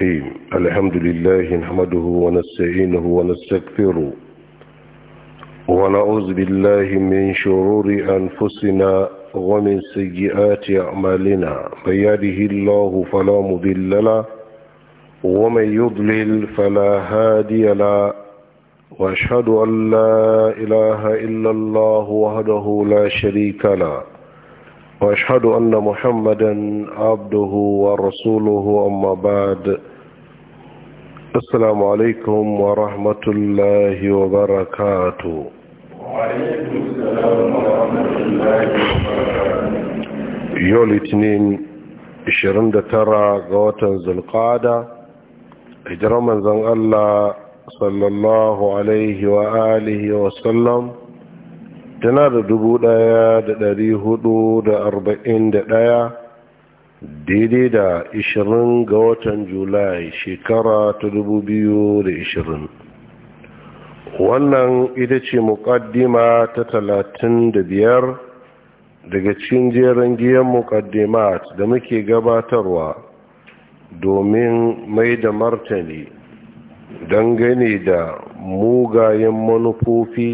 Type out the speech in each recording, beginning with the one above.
الرحيم الحمد لله نحمده ونستعينه ونستغفره ونعوذ بالله من شرور أنفسنا ومن سيئات أعمالنا من يهده الله فلا مضل له ومن يضلل فلا هادي له وأشهد أن لا إله إلا الله وحده لا شريك له واشهد ان محمدا عبده ورسوله اما بعد السلام عليكم ورحمة الله وبركاته وعليكم السلام ورحمة الله وبركاته يولي تنين اشيرن دا ترى غوتن زلقادة اجرم انزان الله صلى الله عليه وآله وسلم تنادى دبو دايا دا دا دي هدو دا اربعين دا دايا دا daidai da 20 ga watan julai shekara ta 2020 wannan ita ce mukaddima ta 35 daga cikin jerin giyan mukaddimat da muke gabatarwa domin mai da martani dangane da mugayen manufofi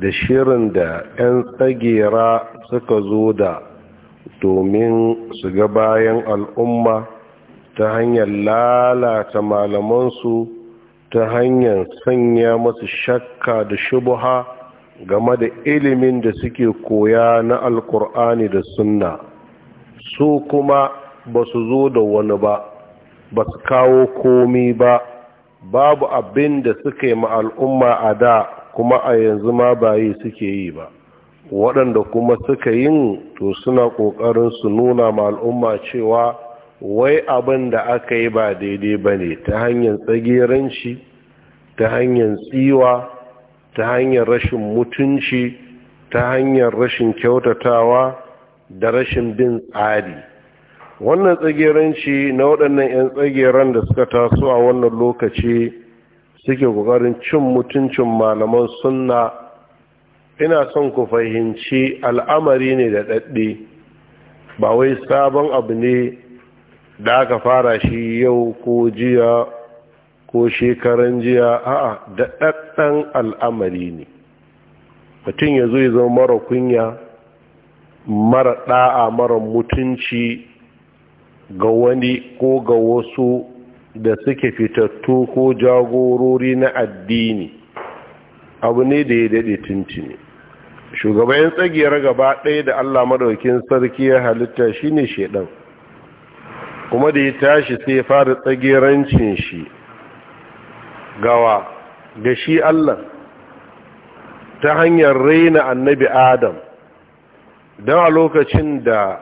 da shirin da 'yan tsagera suka zo da domin su ga bayan al'umma ta hanyar lalata malamansu ta hanyar sanya masu shakka da shubuha game da ilimin da suke koya na alkur'ani da sunna su kuma ba su zo da wani ba ba su kawo komi ba babu abin da suka yi ma al'umma a da kuma a yanzu ma bayi suke yi ba waɗanda kuma suka yin to suna ƙoƙarin su nuna ma al'umma cewa wai abin da aka yi ba daidai ba ne ta hanyar tsagiranci ta hanyar tsiwa ta hanyar rashin mutunci ta hanyar rashin kyautatawa da rashin bin tsari wannan tsagiranci na waɗannan 'yan tsageren da suka taso a wannan lokaci suke ƙoƙarin cin mutuncin malaman sunna ina son ku fahimci al'amari ne da ɗaɗɗe ba wai sabon abu ne da aka fara shi yau ko jiya ko shekaran jiya a'a da al'amari ne mutum ya zo ya zama mara kunya mara ɗa'a mara mutunci ga wani ko ga wasu da suke fitattu ko jagorori na addini abu ne da ya daɗe tuntuni shugaban tsagiyar gaba ɗaya da Allah madaukin sarki ya halitta shine shedan kuma da ya tashi sai ya fara tsagerancin shi gawa ga shi Allah ta hanyar raina annabi Adam don a lokacin da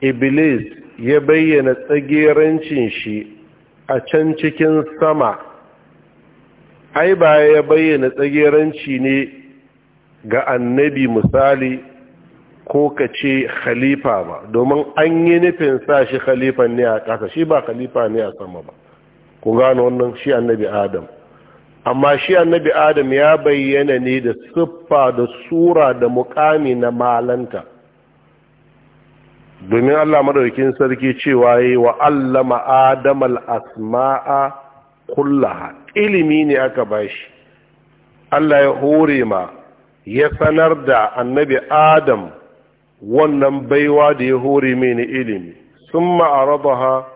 Iblis ya bayyana tsagerancin shi a can cikin sama ai ba ya bayyana tsageranci ne ga annabi misali ko ka ce khalifa ba domin an yi nufin sa shi Khalifa ne a ƙasa shi ba khalifa ne a sama ba ku gano wannan shi annabi adam amma shi annabi adam ya bayyana ne da siffa da sura da mukami na malanta domin allah madaukin sarki cewa yi wa allama adam al'asma'a kullaha ilimi ne aka bashi allah ya hore ma ya sanar da annabi adam wannan baiwa da ya hore mai na ilimi sun ma'araba ha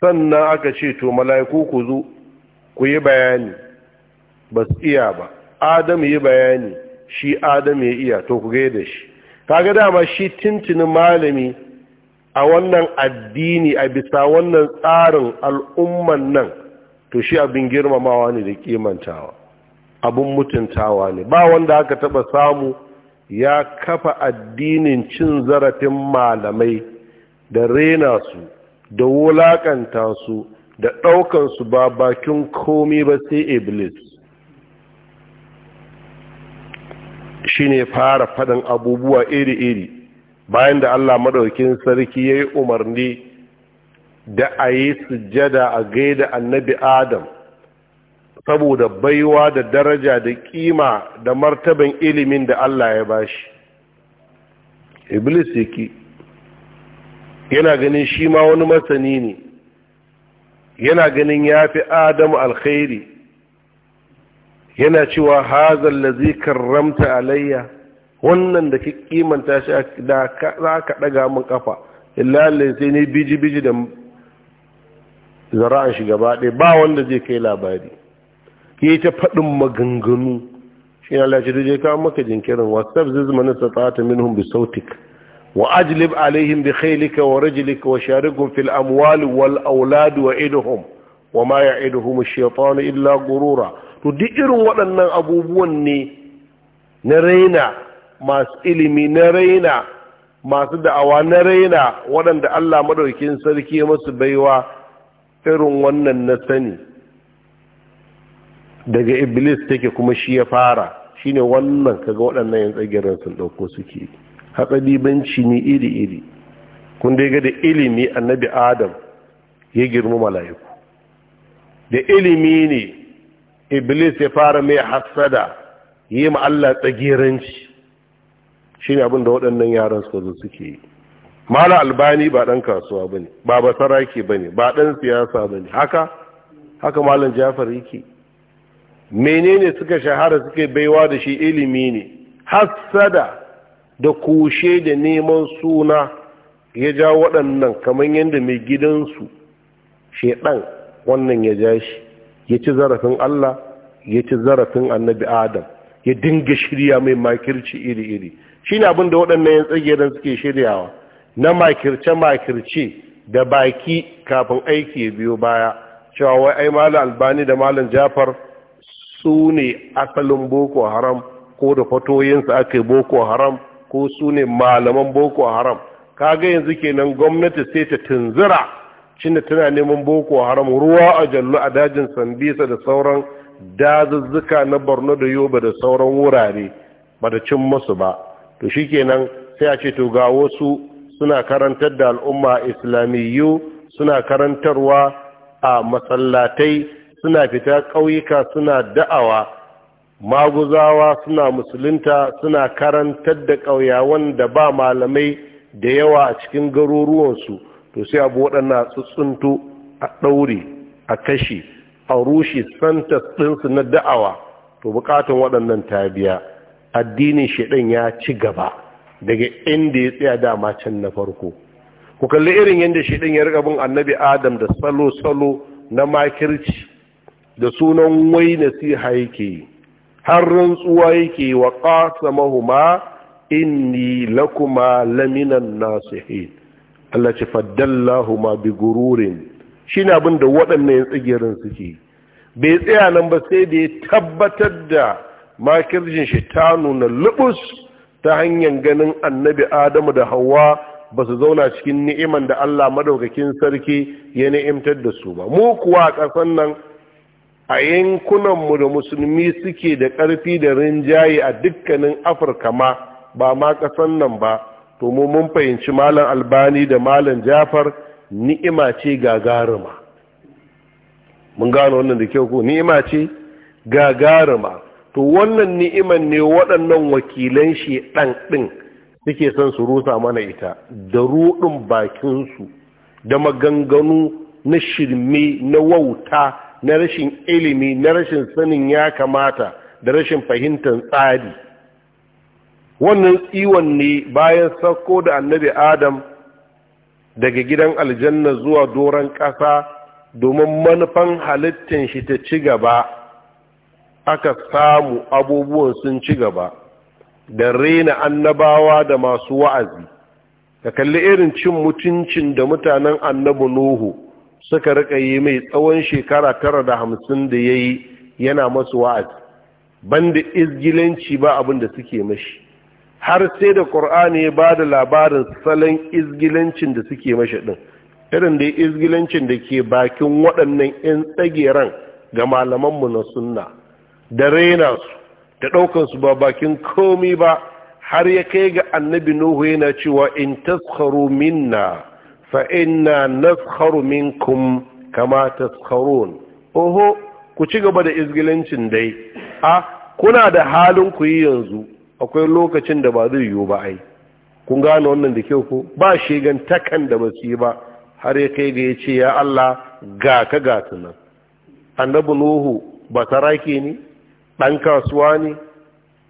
sannan aka ce to mala'iku ku zo ku yi bayani ba su iya ba adam yi bayani shi adam ya iya to ku gai da shi kaga dama shi tintini malami a wannan addini a bisa wannan tsarin al'umman nan to shi abin girmamawa ne da kimantawa abun mutuntawa ne ba wanda aka taba samu ya kafa addinin cin zarafin malamai da rena su da wulakanta su da ɗaukan su ba bakin komai ba sai iblis shine fara faɗin abubuwa iri-iri bayan da Allah maɗaukin sarki ya yi umarni da a yi sujjada a gaida annabi Adam saboda baiwa da daraja da kima da martaban ilimin da Allah ya bashi iblis yake yana ganin shi ma wani masani ne yana ganin ya fi adamu alkhairi yana cewa hazan lazi karramta alayya wannan da ki kimanta shi da za ka daga min kafa illalle sai ne biji-biji da zara'an shi gaba ɗaya ba wanda zai kai labari ya ta faɗin maganganu shi na lashe duje kawo maka jinkirin wasaf zai zama nasa tsata minhum bi sautik wa ajilib alaihim bi khailika wa rajlika wa sharikum fil amwal wal aulad wa idhum wa ma ya'iduhum ash-shaytanu illa gurura to duk irin waɗannan abubuwan ne na raina masu ilimi na raina masu da'awa na raina waɗanda Allah madaukin sarki masu baiwa irin wannan na sani daga iblis take kuma shi ya fara shine wannan kaga waɗannan yan tsagirin sun ɗauko suke hatsabibanci ne iri-iri kun dai ga da ilimi annabi adam ya girma mala'iku da ilimi ne iblis ya fara mai hassada yi ma Allah tsagiranci shi abin da waɗannan yaran su zo suke yi mala albani ba ɗan kasuwa ba ne ba ke ba ne ba ɗan siyasa ba ne haka haka malam jafar yake menene suka shahara suke baiwa da shi ilimi ne hassada da kushe da neman suna ya ja waɗannan kamar yadda mai gidansu shaiɗan wannan ya ja shi ya ci zarafin Allah ya ci zarafin annabi Adam ya dinga shirya mai makirci iri-iri shi ne abinda waɗannan yan tsagiran suke shiryawa na makirce-makirce da baki kafin aiki ya biyo baya cewa wai ai malam albani da malam jafar su ne asalin boko haram ko da fatoyinsu aka yi boko haram ko su ne malaman boko haram kaga yanzu kenan gwamnati sai ta tunzura cinda tana neman boko haram ruwa a jallu a dajin sandisa da sauran dazuzzuka na borno da yoba da sauran wurare ba da cin masu ba to shikenan sai a ce to ga wasu suna karantar da al'umma islamiyyu suna karantarwa a masallatai suna fita ƙauyuka suna da'awa maguzawa suna musulunta suna karantar da ƙauyawan da ba malamai da yawa a cikin garuruwansu to sai abu waɗannan tsuntsuntu a ɗaure a kashe a rushe santa ɗinsu na da'awa to buƙatun waɗannan ta biya addinin shaɗan ya ci gaba daga inda ya tsaya dama can na farko ku kalli irin yadda shaɗan ya riga bin annabi adam da salo-salo na makirci da sunan wai nasiha yake har rantsuwa yake wa qasamahuma inni lakuma laminan nasihin Allah ce ma bi gururin Shi ne abin da waɗannan tsigirin suke bai tsaya nan ba sai da ya tabbatar da makirjin shi ta nuna lubus ta hanyar ganin annabi Adamu da hawa ba su zauna cikin ni'iman da Allah madaukakin sarki ya ni'imtar da su ba mu kuwa a ƙasan nan a yankunanmu da musulmi suke da ƙarfi da rinjaye a dukkanin afirka ma ba ma ƙasan nan ba to mu mun fahimci malam albani da malam jafar ni'ima ce gagarima mun gano wannan da kyau ko ni'ima ce gagarima to wannan ni'iman ne waɗannan wakilan shi ɗan ɗin suke son su rusa mana ita da ruɗin bakinsu da maganganu na shirme na wauta na rashin ilimi na rashin sanin ya kamata da rashin fahimtar tsari wannan tsiwon ne bayan sauko da annabi adam daga gidan aljanna zuwa doron ƙasa domin manufan halittar shi ta ci gaba aka samu abubuwan sun ci gaba da rena annabawa da masu wa'azi ka kalli irin cin mutuncin da mutanen annabi nuhu suka rika yi mai tsawon shekara tara da hamsin da ya yi yana masu wa'azi banda izgilanci ba abin da suke mashi har sai da ƙor'ani ya ba da labarin salon izgilancin da suke mashi ɗin irin da izgilancin da ke bakin waɗannan 'yan tsageren ga malamanmu na sunna da raina su da ɗaukansu ba bakin komi ba har ya kai ga annabi nuhu yana cewa in taskaro minna fa inna naskharu minkum kama taskharun oho ku ci gaba da izgilancin dai a kuna da halin ku yi yanzu akwai lokacin da ba zai yiwu ba ai kun gane wannan da kyau ko ba shigan takan da ba su yi ba har ya kai ga ya ce ya Allah ga ka ga nan annabi nuhu ba ne dan kasuwa ne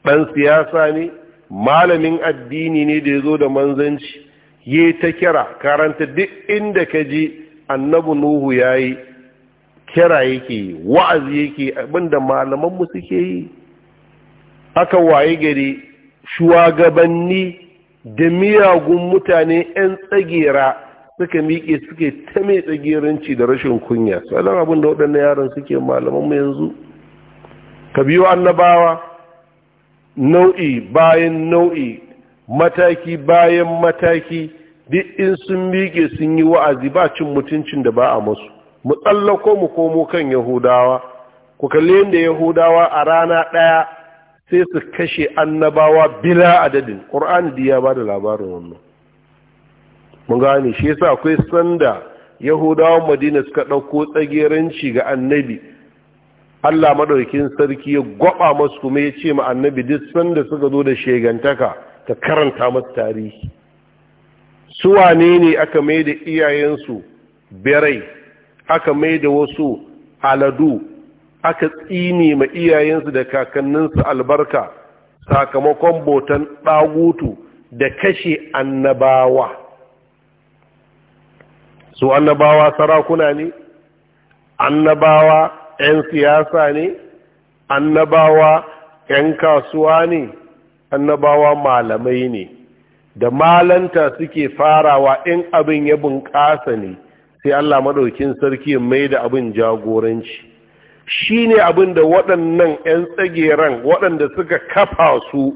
dan siyasa ne malamin addini ne da ya zo da manzanci yi ta kira karanta duk inda ka ji annabi nuhu ya yi kira yake wa'azi yake abinda malamanmu suke yi aka waye gari shugabanni da miyagun mutane 'yan tsagera suka miƙe suke ta mai tsageranci da rashin kunya tsadon abin da waɗannan yaran suke malamanmu yanzu ka biyo annabawa nau'i bayan nau'i mataki bayan mataki duk in sun miƙe sun yi wa'azi ba cin mutuncin da ba a masu mu tsallako mu komo kan yahudawa ku kalli yadda yahudawa a rana ɗaya sai su kashe annabawa bila adadin ƙur'ani da ya ba da labarin wannan mun gane shi yasa akwai sanda yahudawan madina suka ɗauko tsageranci ga annabi allah maɗaukin sarki ya gwaba masu kuma ya ce ma annabi duk sanda suka zo da shegantaka ka karanta masu tarihi su wane ne aka mai da iyayensu berai, aka mai da wasu aladu aka tsini ma iyayensu da kakanninsu albarka sakamakon botan ɗagutu da kashe annabawa su annabawa sarakuna ne annabawa 'yan siyasa ne annabawa 'yan kasuwa ne annabawa malamai ne da malanta suke farawa in abin ya bunƙasa ne sai Allah maɗaukin sarki mai da abin jagoranci shi ne abin da waɗannan 'yan tsageren waɗanda suka kafa su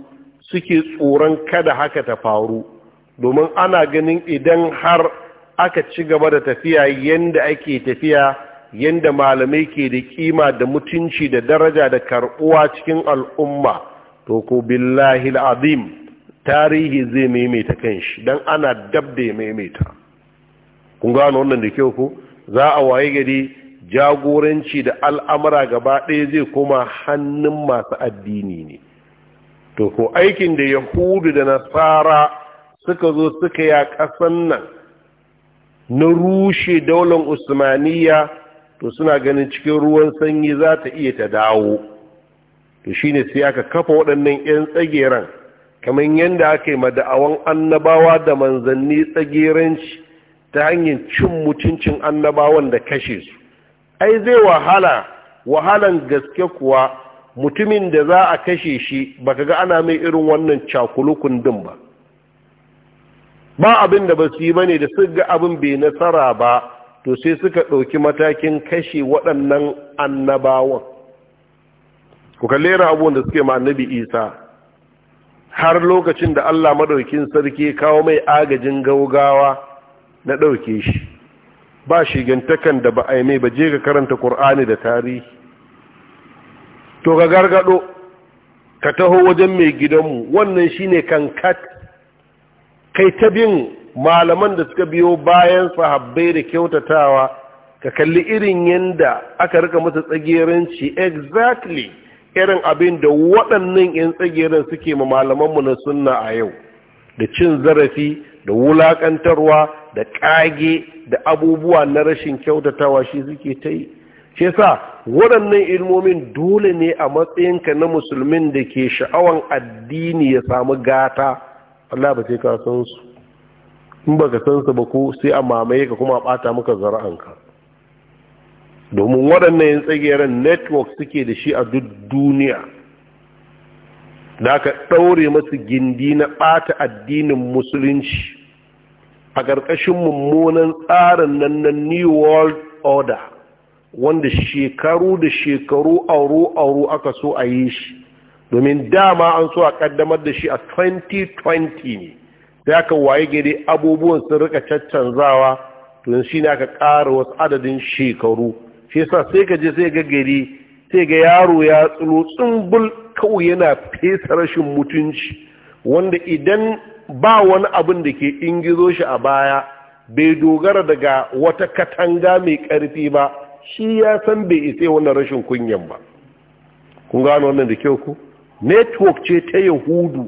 suke tsoron kada haka ta faru domin ana ganin idan har aka ci gaba da tafiya yadda ake tafiya yadda malamai ke da kima da mutunci da daraja da karɓuwa cikin al'umma to ko billahi al'azim tarihi zai maimaita kanshi don ana dab da ya maimaita kun gano wannan da kyau ko za a waye gari jagoranci da al'amura gaba ɗaya zai koma hannun masu addini ne to ko aikin da yahudu da nasara suka zo suka ya ƙasan nan na rushe daular usmaniya to suna ganin cikin ruwan sanyi za ta iya ta dawo to shi ne sai aka kafa waɗannan 'yan tsageren kamar yadda aka yi mada'awan annabawa da manzanni tsageranci ta hanyar cin mutuncin annabawan da kashe su ai zai wahala wahalan gaske kuwa mutumin da za a kashe shi baka ga ana mai irin wannan cakulukun din ba ba abin da ba su yi ba ne da suka ga abin bai nasara ba to sai suka ɗauki matakin kashe waɗannan annabawan ku kalli lera abubuwan da suke ma isa har lokacin da allah madaukin sarki kawo mai agajin gaugawa na ɗauke shi ba shigantakan da ba a mai ba je ka karanta ƙur'ani da tarihi to ga gargaɗo ka taho wajen mai gidanmu wannan shine kankat kai ta bin malaman da suka biyo bayan sahabbai da kyautatawa ka kalli irin yadda aka rika masa tsageranci exactly irin abin da waɗannan 'yan tsagerin suke ma malamanmu na sunna a yau da cin zarafi da wulaƙantarwa da ƙage da abubuwa na rashin kyautatawa shi suke ta yi ce sa waɗannan ilmomin dole ne a matsayinka na musulmin da ke sha'awan addini ya samu gata Allah ba sai ka san su in ba ka san su ba ko sai a mamaye ka kuma a ɓata maka zara'anka domin waɗannan yin tsageren network suke da shi a duk duniya da aka ɗaure masu gindi na ɓata addinin musulunci a ƙarƙashin mummunan tsarin nan na new world order wanda shekaru da shekaru auro-auro aka so a yi shi domin dama an so a ƙaddamar da shi a 2020 ne sai aka waye gari abubuwan sun rika caccanzawa tun shi ne aka ƙara wasu adadin shekaru shi yasa sai ka je sai ga gari sai ga yaro ya tsulo tsumbul kawai yana fesa rashin mutunci wanda idan ba wani abin da ke ingizo shi a baya bai dogara daga wata katanga mai ƙarfi ba shi ya san bai isa wannan rashin kunyan ba kun gano wannan da kyau ku network ce ta yahudu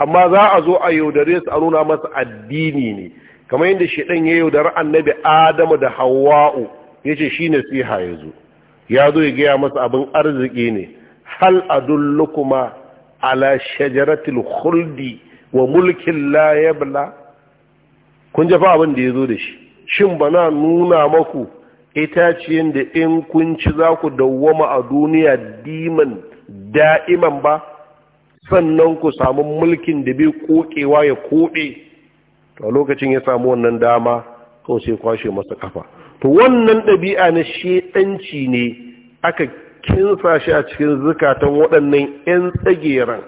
amma za a zo a yaudare su a nuna masa addini ne kamar yadda shi ɗan ya yaudara annabi adamu da hawa'u ya ce shi nasiha ya zo ya zo ya gaya masa abin arziki ne hal adullukuma ala shajaratul khuldi wa mulkin la yabla kun jafa abin da ya zo da shi shin na nuna maku itace da in kun ci za ku dawwama a duniya diman da'iman ba sannan ku samu mulkin da bai kokewa ya koɗe to lokacin ya samu wannan dama kawai sai kwashe masa kafa to wannan ɗabi'a na shedanci ne aka kinsa shi a cikin zukatan waɗannan 'yan tsageran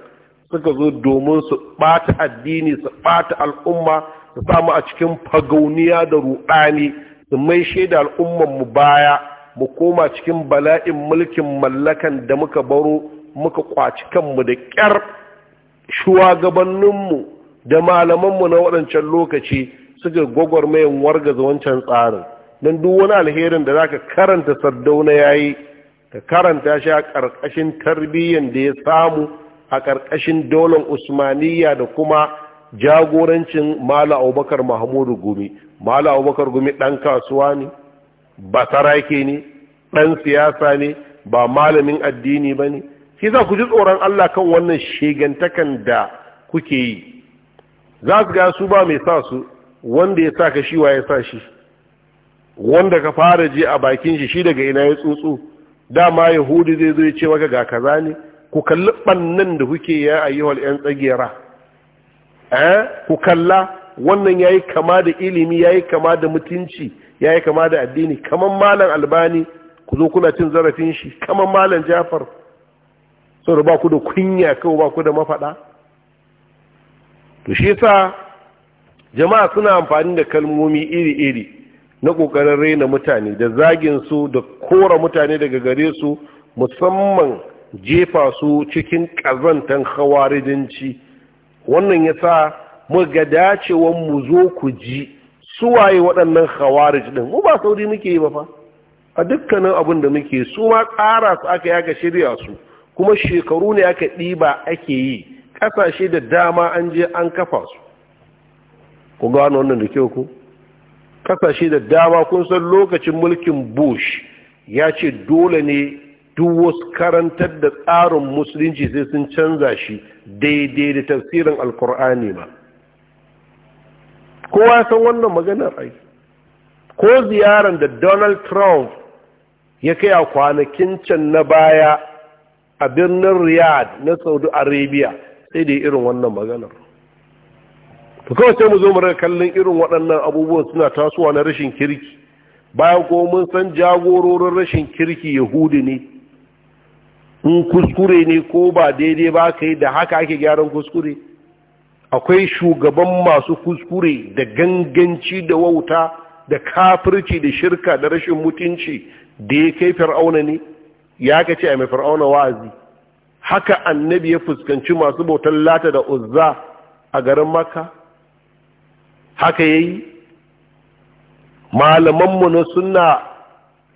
suka zo domin su ɓata addini su ɓata al'umma su samu a cikin fagauniya da ruɗani su mai shaida al'umman mu baya mu koma cikin bala'in mulkin mallakan da muka baro muka kwaci kanmu da ƙyar shugabanninmu da malamanmu na waɗancan lokaci suka gwagwarmayin wargaza wancan tsarin don duk wani alherin da zaka karanta sardauna yi ka karanta shi a ƙarƙashin tarbiyyar da ya samu a ƙarƙashin daular usmaniyya da kuma jagorancin mala abubakar mahmudu gumi mala abubakar gumi ɗan kasuwa ne ba sarake ne ɗan siyasa ne ba malamin addini ba ne shi za ku ji tsoron allah kan wannan shegantakan da kuke yi za su ga su ba mai sa su wanda ya sa ka shi wa ya sa shi wanda ka fara ji a bakin shi shi daga ina ya tsutsu dama yahudi zai zo ya ce maka ga kaza ne ku kalli bannan da kuke ya ayyuhal yan tsagera eh ku kalla wannan yayi kama da ilimi yayi kama da mutunci yayi kama da addini kaman malam albani ku zo kuna cin zarafin shi kaman malam jafar saboda ba ku da kunya kawai ba ku da mafada to shi yasa jama'a suna amfani da kalmomi iri-iri na ƙoƙarin raina mutane da zagin su da kora mutane daga gare su musamman jefa su cikin ƙazantar hawarijinci wannan ya sa muga dacewan mu zo ku ji suwaye waɗannan hawarij ɗin mu ba sauri muke yi ba fa a dukkanin abin da muke su ma tsara su aka yaka shirya su kuma shekaru ne aka ɗiba ake yi ƙasashe da dama an je an kafa su ku gano wannan da kyau ku kasashe da dama kun san lokacin mulkin bush ya ce dole ne duk wasu karantar da tsarin musulunci sai sun canza shi daidai da tafsirin alkur'ani ba kowa san wannan maganar ai ko ziyarar da donald trump ya kai a kwanakin can na baya a birnin riyadh na saudi arabia sai da irin wannan maganar to kawai sai mu zo mu rika kallon irin waɗannan abubuwan suna tasowa na rashin kirki bayan ko mun san jagororin rashin kirki yahudi ne in kuskure ne ko ba daidai ba ka yi da haka ake gyaran kuskure akwai shugaban masu kuskure da ganganci da wauta da kafirci da shirka da rashin mutunci da ya kai fir'auna ne ya ka ce a mai fir'auna wa'azi haka annabi ya fuskanci masu bautan lata da uzza a garin makka haka yayi mu na sunna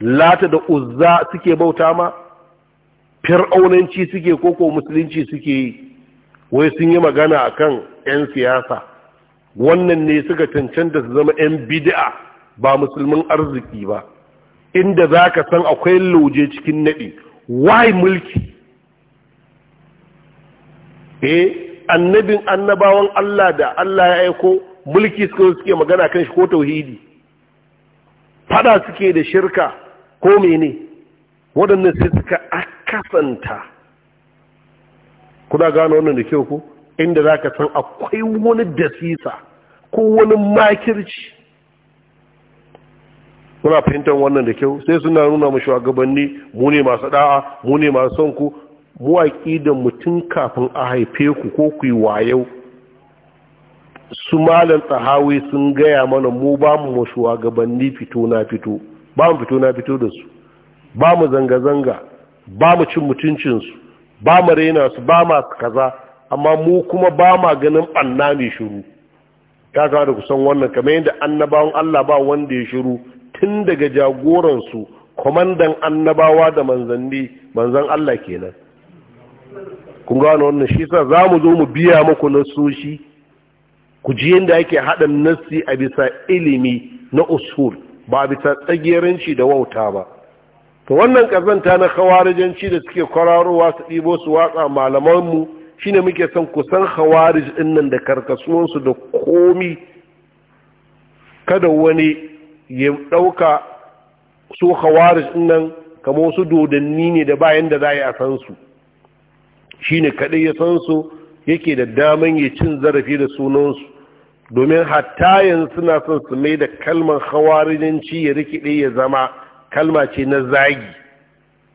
lata da uzza suke bauta ma fir'aunanci suke koko musulunci suke yi wai sun yi magana akan 'yan siyasa wannan ne suka cancanta su zama 'yan bid'a ba musulmin arziki ba inda za ka san akwai lauje cikin naɗi wai mulki eh annabin annabawan Allah da Allah ya aiko mulki suka suke magana kan shi ko tauhidi fada suke da shirka ko mene waɗannan sai suka akasanta kuna gano wannan da kyau ko inda za ka san akwai wani dasisa ko wani makirci kuna fahimtar wannan da kyau sai suna nuna mu shugabanni mu ne masu da'a mu ne masu son ku mu da mutum kafin a haife ku ko ku yi wayo su malam tsahawi sun gaya mana mu ba mu gabanni fito na fito ba mu fito na fito da su ba mu zanga-zanga ba mu cin mutuncinsu ba mu raina su ba ma kaza amma mu kuma ba ma ganin ɓanna mai shiru ya kama da kusan wannan kamar yadda annabawan Allah ba wanda ya shiru tun daga jagoransu kwamandan annabawa da manzanni manzan Allah kenan kun gano wannan shi sa za mu zo mu biya muku na soshi ku ji yadda ake haɗa nassi a bisa ilimi na usul ba a bisa tsagiranci da wauta ba to wannan ƙazanta na khawarijanci da suke kwararowa su ɗibo su watsa malamanmu shine muke son kusan khawarij ɗin nan da karkasuwansu da komi kada wani ya ɗauka su khawarij ɗin nan kama wasu dodanni ne da bayan da za a yi a san su shine kaɗai ya san su yake da daman ya cin zarafi da sunansu domin hatta yanzu suna son su mai da kalmar hawarinci ya rikide ya zama kalma ce na zagi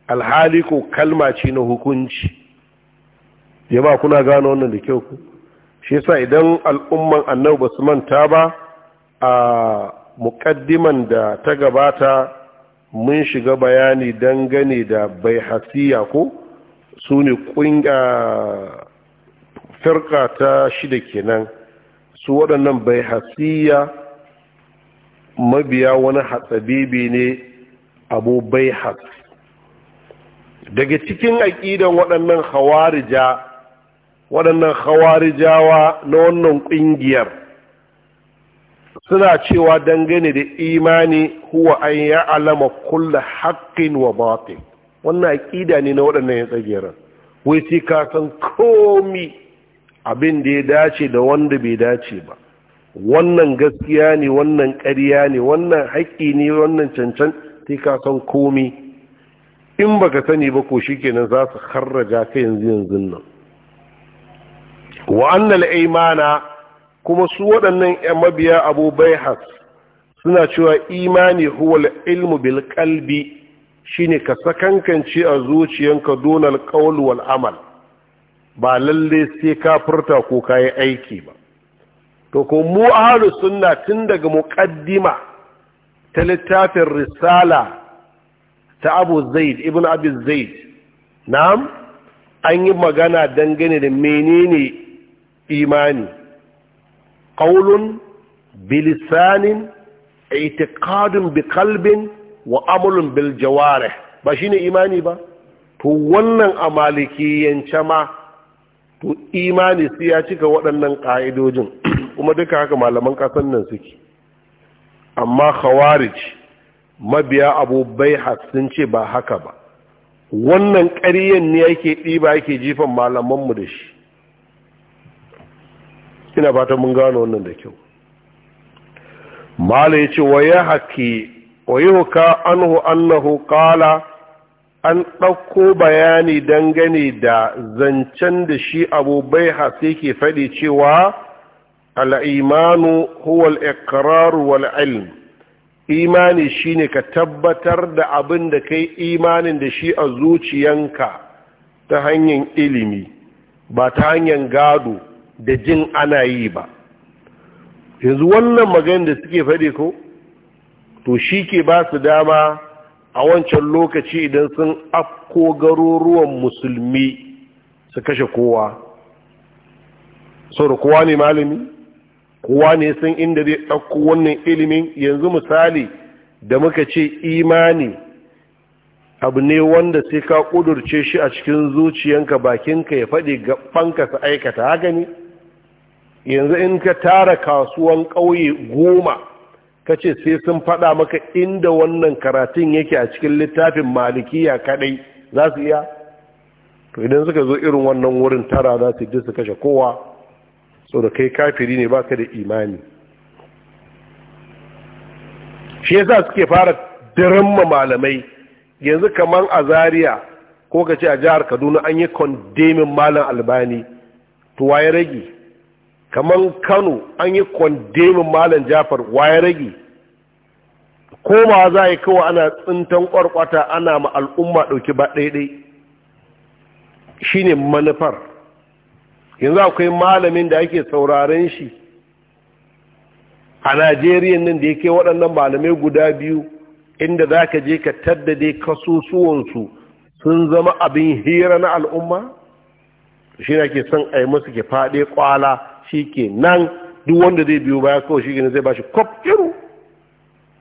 alhali ko kalma ce na hukunci jama'a kuna gano wannan da kyau ku shi yasa idan al'umman annabi ba su manta ba a mukaddiman da ta gabata mun shiga bayani dangane da bai hasiya ko su ne firka ta shida kenan su waɗannan bai hasiya mabiya wani hatsabibi ne abu bai daga cikin aƙidan waɗannan hawarija waɗannan hawarijawa na wannan ƙungiyar suna cewa dangane da imani huwa an ya alama kulla haƙƙin wa batin wannan aƙida ne na waɗannan ya tsagerar wai sai ka san komi abin da ya dace da wanda bai dace ba wannan gaskiya ne wannan ƙarya ne wannan haƙƙi ne wannan cancan sai ka san komi in baka sani ba ko shikenan za su harraja ka yanzu yanzu nan Wa'annan imana kuma su waɗannan 'yan mabiya abu baihas suna cewa imani huwal ilmu bil qalbi shine ka sakankance a zuciyanka donal qawl wal amal ba lalle sai ka furta ko ka yi aiki ba to ko mu ahlus sunna tun daga muƙaddima ta littafin risala ta Abu Zaid ibn Abi Zaid na'am an yi magana dangane da menene imani qaulun bilisanin i'tiqadun biqalbin wa amalun bil jawarih ba shine imani ba to wannan a malikiyance ma to imani sai ya cika waɗannan ƙa'idojin kuma duka haka malaman ƙasan nan suke amma khawarij mabiya abu bai sun ce ba haka ba wannan ƙaryen ne yake ɗiba yake jifan malamanmu da shi ina fata mun gano wannan da kyau mala ya ce wa ya haƙi wa yi hukar anhu annahu ƙala an ɗauko bayani dangane da zancen da shi abu bai hasi ke faɗi cewa al'imanu huwal ikraru wal ilm imani ne ka tabbatar da abin da kai imanin da shi a zuciyanka ta hanyar ilimi ba ta hanyar gado da jin ana yi ba yanzu wannan magana da suke faɗi ko to shi ke ba su dama a wancan lokaci idan sun afko garuruwan musulmi su kashe kowa saboda kowa ne malami kowa ne sun inda zai ɗauko wannan ilimin yanzu misali da muka ce imani abu ne wanda sai ka ƙudurce shi a cikin zuciyanka bakinka ya faɗi gabanka su aikata haka yanzu in ka tara kasuwan ƙauye goma ka ce sai sun faɗa maka inda wannan karatun yake a cikin littafin malikiya kaɗai za su iya to idan suka zo irin wannan wurin tara za su je su kashe kowa sau da kai kafiri ne baka da imani shi yasa suke fara ma malamai yanzu kamar a Zariya, ko ka ce a jihar kaduna an yi kondemin malam albani to ya rage kaman kano an yi kwandemin malam jafar ya rage koma za a yi kawai ana tsintan ƙwarƙwata, ana ma al'umma ɗauki ba ɗaiɗai shi ne manufar yanzu akwai malamin da ake sauraren shi a najeriya nan da yake waɗannan malamai guda biyu inda za ka je ka taddade kasusuwansu sun zama abin hira na al'umma shi ne ake son a yi musu ke faɗe kwala shi ke nan duk wanda zai biyo baya kawai shi ne zai ba shi kwaf iru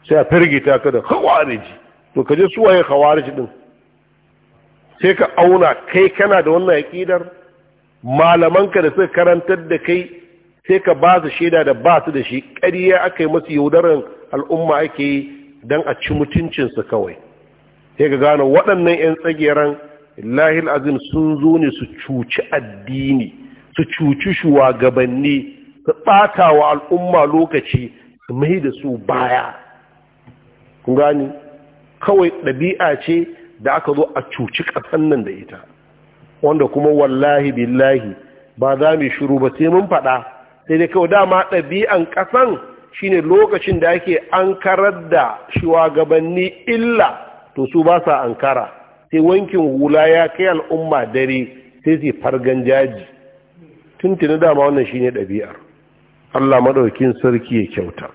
sai a firgita ka da khawariji to ka je suwaye khawariji din sai ka auna kai kana da wannan aƙidar malamanka da suka karantar da kai sai ka ba su shaida da ba su da shi ƙarya aka yi masu yaudarar al'umma ake yi don a ci mutuncinsu kawai sai ka gano waɗannan 'yan tsageren lahil azim sun zo ne su cuci addini su cuci shugabanni su ɓata wa al'umma lokaci su mai da su baya kun gani kawai ɗabi'a ce da aka zo a cuci ƙasan nan da ita wanda kuma wallahi billahi ba za mu shiru ba sai mun faɗa sai dai kawai dama ɗabi'an ƙasan shine lokacin da ake an karar da shugabanni illa to su ba sa ankara sai wankin hula ya kai al'umma dare sai su fargan jaji tuntuni dama wannan shi ne ɗabi'ar Allah maɗaukin sarki ya kyauta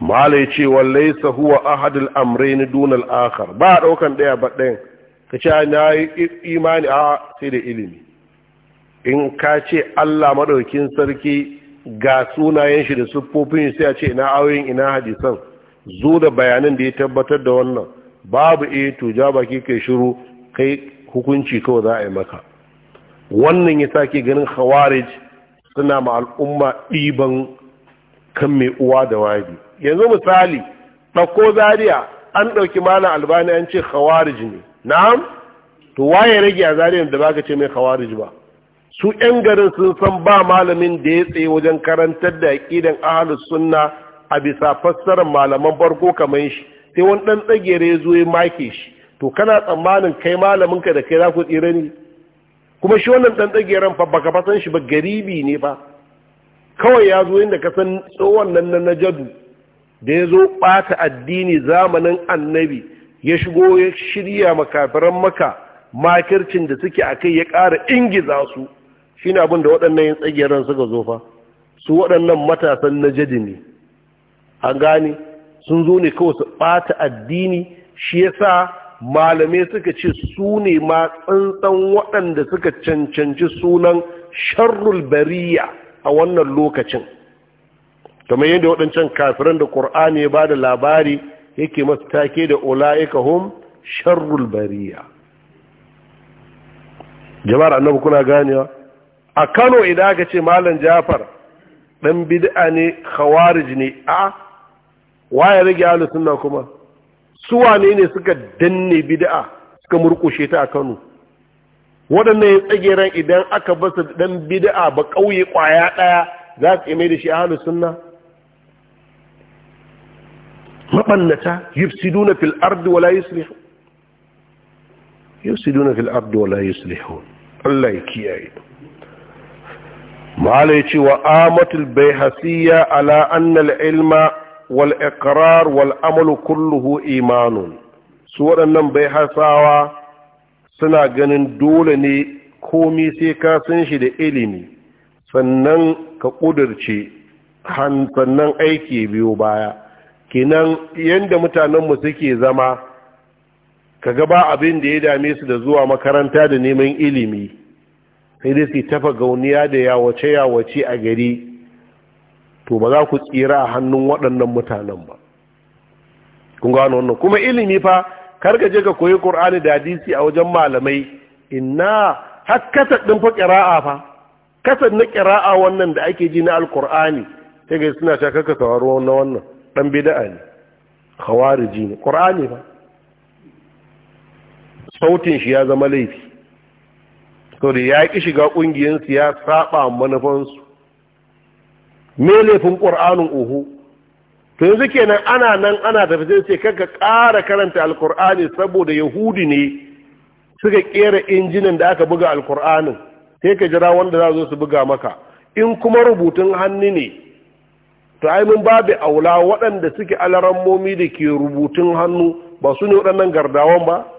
mala ce, wallai sahuwa ahadul amrayn na al akar ba a ɗaukan ɗaya ba ɗayan ce na yi imani a sai da ilimi in ka ce Allah maɗaukin sarki ga sunayen shi da siffofin sai a ce ina auyin ina hadisan zo da bayanan da ya tabbatar da wannan babu eh to ja baki kai shiru kai hukunci kawai za a yi maka wannan ya sake ganin khawarij suna ma al'umma ɗiban kan mai uwa da wabi yanzu misali ɗauko zaria an ɗauki malam albani an ce khawarij ne na'am to waye rage a zariyar da baka ce mai khawarij ba su ƴan garin sun san ba malamin da ya tsaye wajen karantar da aqidan ahlus sunna a bisa fassarar malaman farko kamar shi sai wani ɗan tsagere ya zo ya make shi to kana tsammanin kai malaminka da kai za ku tsira ne kuma shi wannan ɗan ran fa baka fasan shi ba garibi ne ba kawai ya zo inda ka san tsohon nan na najadu da ya zo ɓata addini zamanin annabi ya shigo ya shirya makafiran maka makircin da suke a kai ya ƙara ingiza su shi ne abin da waɗannan yin tsageren suka zo fa su waɗannan matasan najadi ne an gane sun zo ne kawai su ɓata addini shi ya sa malamai suka ce su ne ma tsantsan waɗanda suka cancanci sunan sharrul bariya a wannan lokacin kamar yadda waɗancan kafiran da ƙur'ani ya ba da labari yake masu take da ula'ika hum sharrul bariya jama'ar annabu kuna ganewa a kano idan aka ce malam jafar ɗan bid'a ne khawarij ne a waye rage hali sunna kuma Suwa ne ne suka danne bida'a suka murkushe ta a Kano waɗannan ya tsageren idan aka basu dan bida'a ba ƙauye ƙwaya ɗaya za su mai da shi a ahlus sunna mabannata yufsiduna fil ardi wala yuslihun yufsiduna fil ardi wala yuslihun Allah ya kiyaye malai cewa amatul bayhasiyya ala anna al ilma wal iqrar wal amalu kulluhu imanun su waɗannan bai hasawa suna ganin dole ne komi sai ka san shi da ilimi sannan ka ƙudurce sannan aiki biyo baya kinan yadda mutanenmu suke zama ka ba abin da ya dame su da zuwa makaranta da neman ilimi sai dai su tafa gauniya da yawace-yawace a gari to ba za ku tsira a hannun waɗannan mutanen ba kun gano wannan kuma ilimi fa karka je ka koyi qur'ani da hadisi a wajen malamai inna hakkata din fa qira'a fa kasar na qira'a wannan da ake ji na alqur'ani sai ga suna ta kaka sauraro na wannan dan bid'a ne khawariji ne qur'ani fa sautin shi ya zama laifi da ya ki shiga kungiyan siyasa saba manufansu me laifin ƙur'anin uhu to yanzu kenan ana nan ana da sai ce kanka ƙara karanta alƙur'ani saboda yahudi ne suka ƙera injinan da aka buga alƙur'anin sai ka jira wanda za zo su buga maka in kuma rubutun hannu ne to ai mun babu aula waɗanda suke alarammomi da ke rubutun hannu ba su ne waɗannan gardawan ba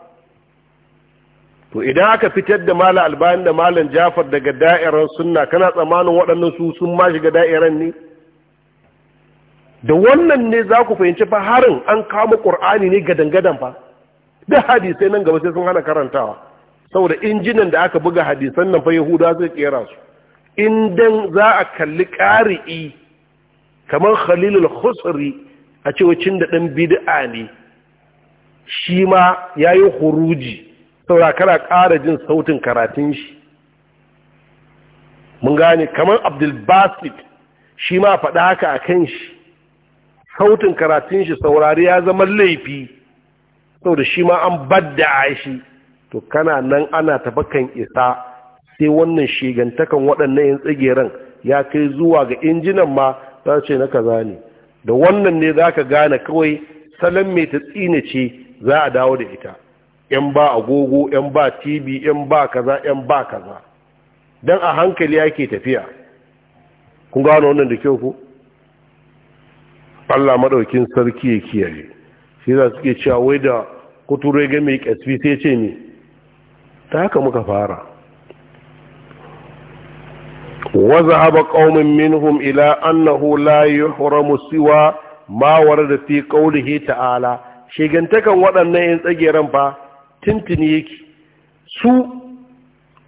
to idan aka fitar da malam albani da malam jafar daga da'iran sunna kana tsamanin waɗannan su sun ma shiga da'irar ne da wannan ne za ku fahimci fa harin an kama ƙur'ani ne gadangadan fa da hadisai nan gaba sai sun hana karantawa saboda injinan da aka buga hadisan nan fa yahuda zai kera su in dan za a kalli ƙari'i kamar khalilul khusri a cewacin da ɗan bid'a ne shi ma ya yi huruji saura kana ƙara jin sautin karatun shi mun gane kamar abdulbasit shi ma faɗa haka a kan shi sautin karatun shi saurari ya zama laifi saboda shi ma an badda aishi, to kana nan ana tafakan isa sai wannan shigantakan waɗannan yin tsageren ya kai zuwa ga injinan ma za ce na kaza ne da wannan ne za ka gane kawai salon mai ta tsine ce za a dawo da ita yan ba agogo yan ba tv yan ba kaza yan ba kaza don a hankali yake tafiya kun gano wannan da kyau ku allah maɗaukin sarki ya kiyaye shi za ke cewa wai da kuture ga mai ƙasfi sai ce ne ta haka muka fara Waza وذهب قوم منهم إلى أنه لا يحرم ma warar da fi قوله ta'ala. shigantakan waɗannan yan tsageren fa tuntuni yake su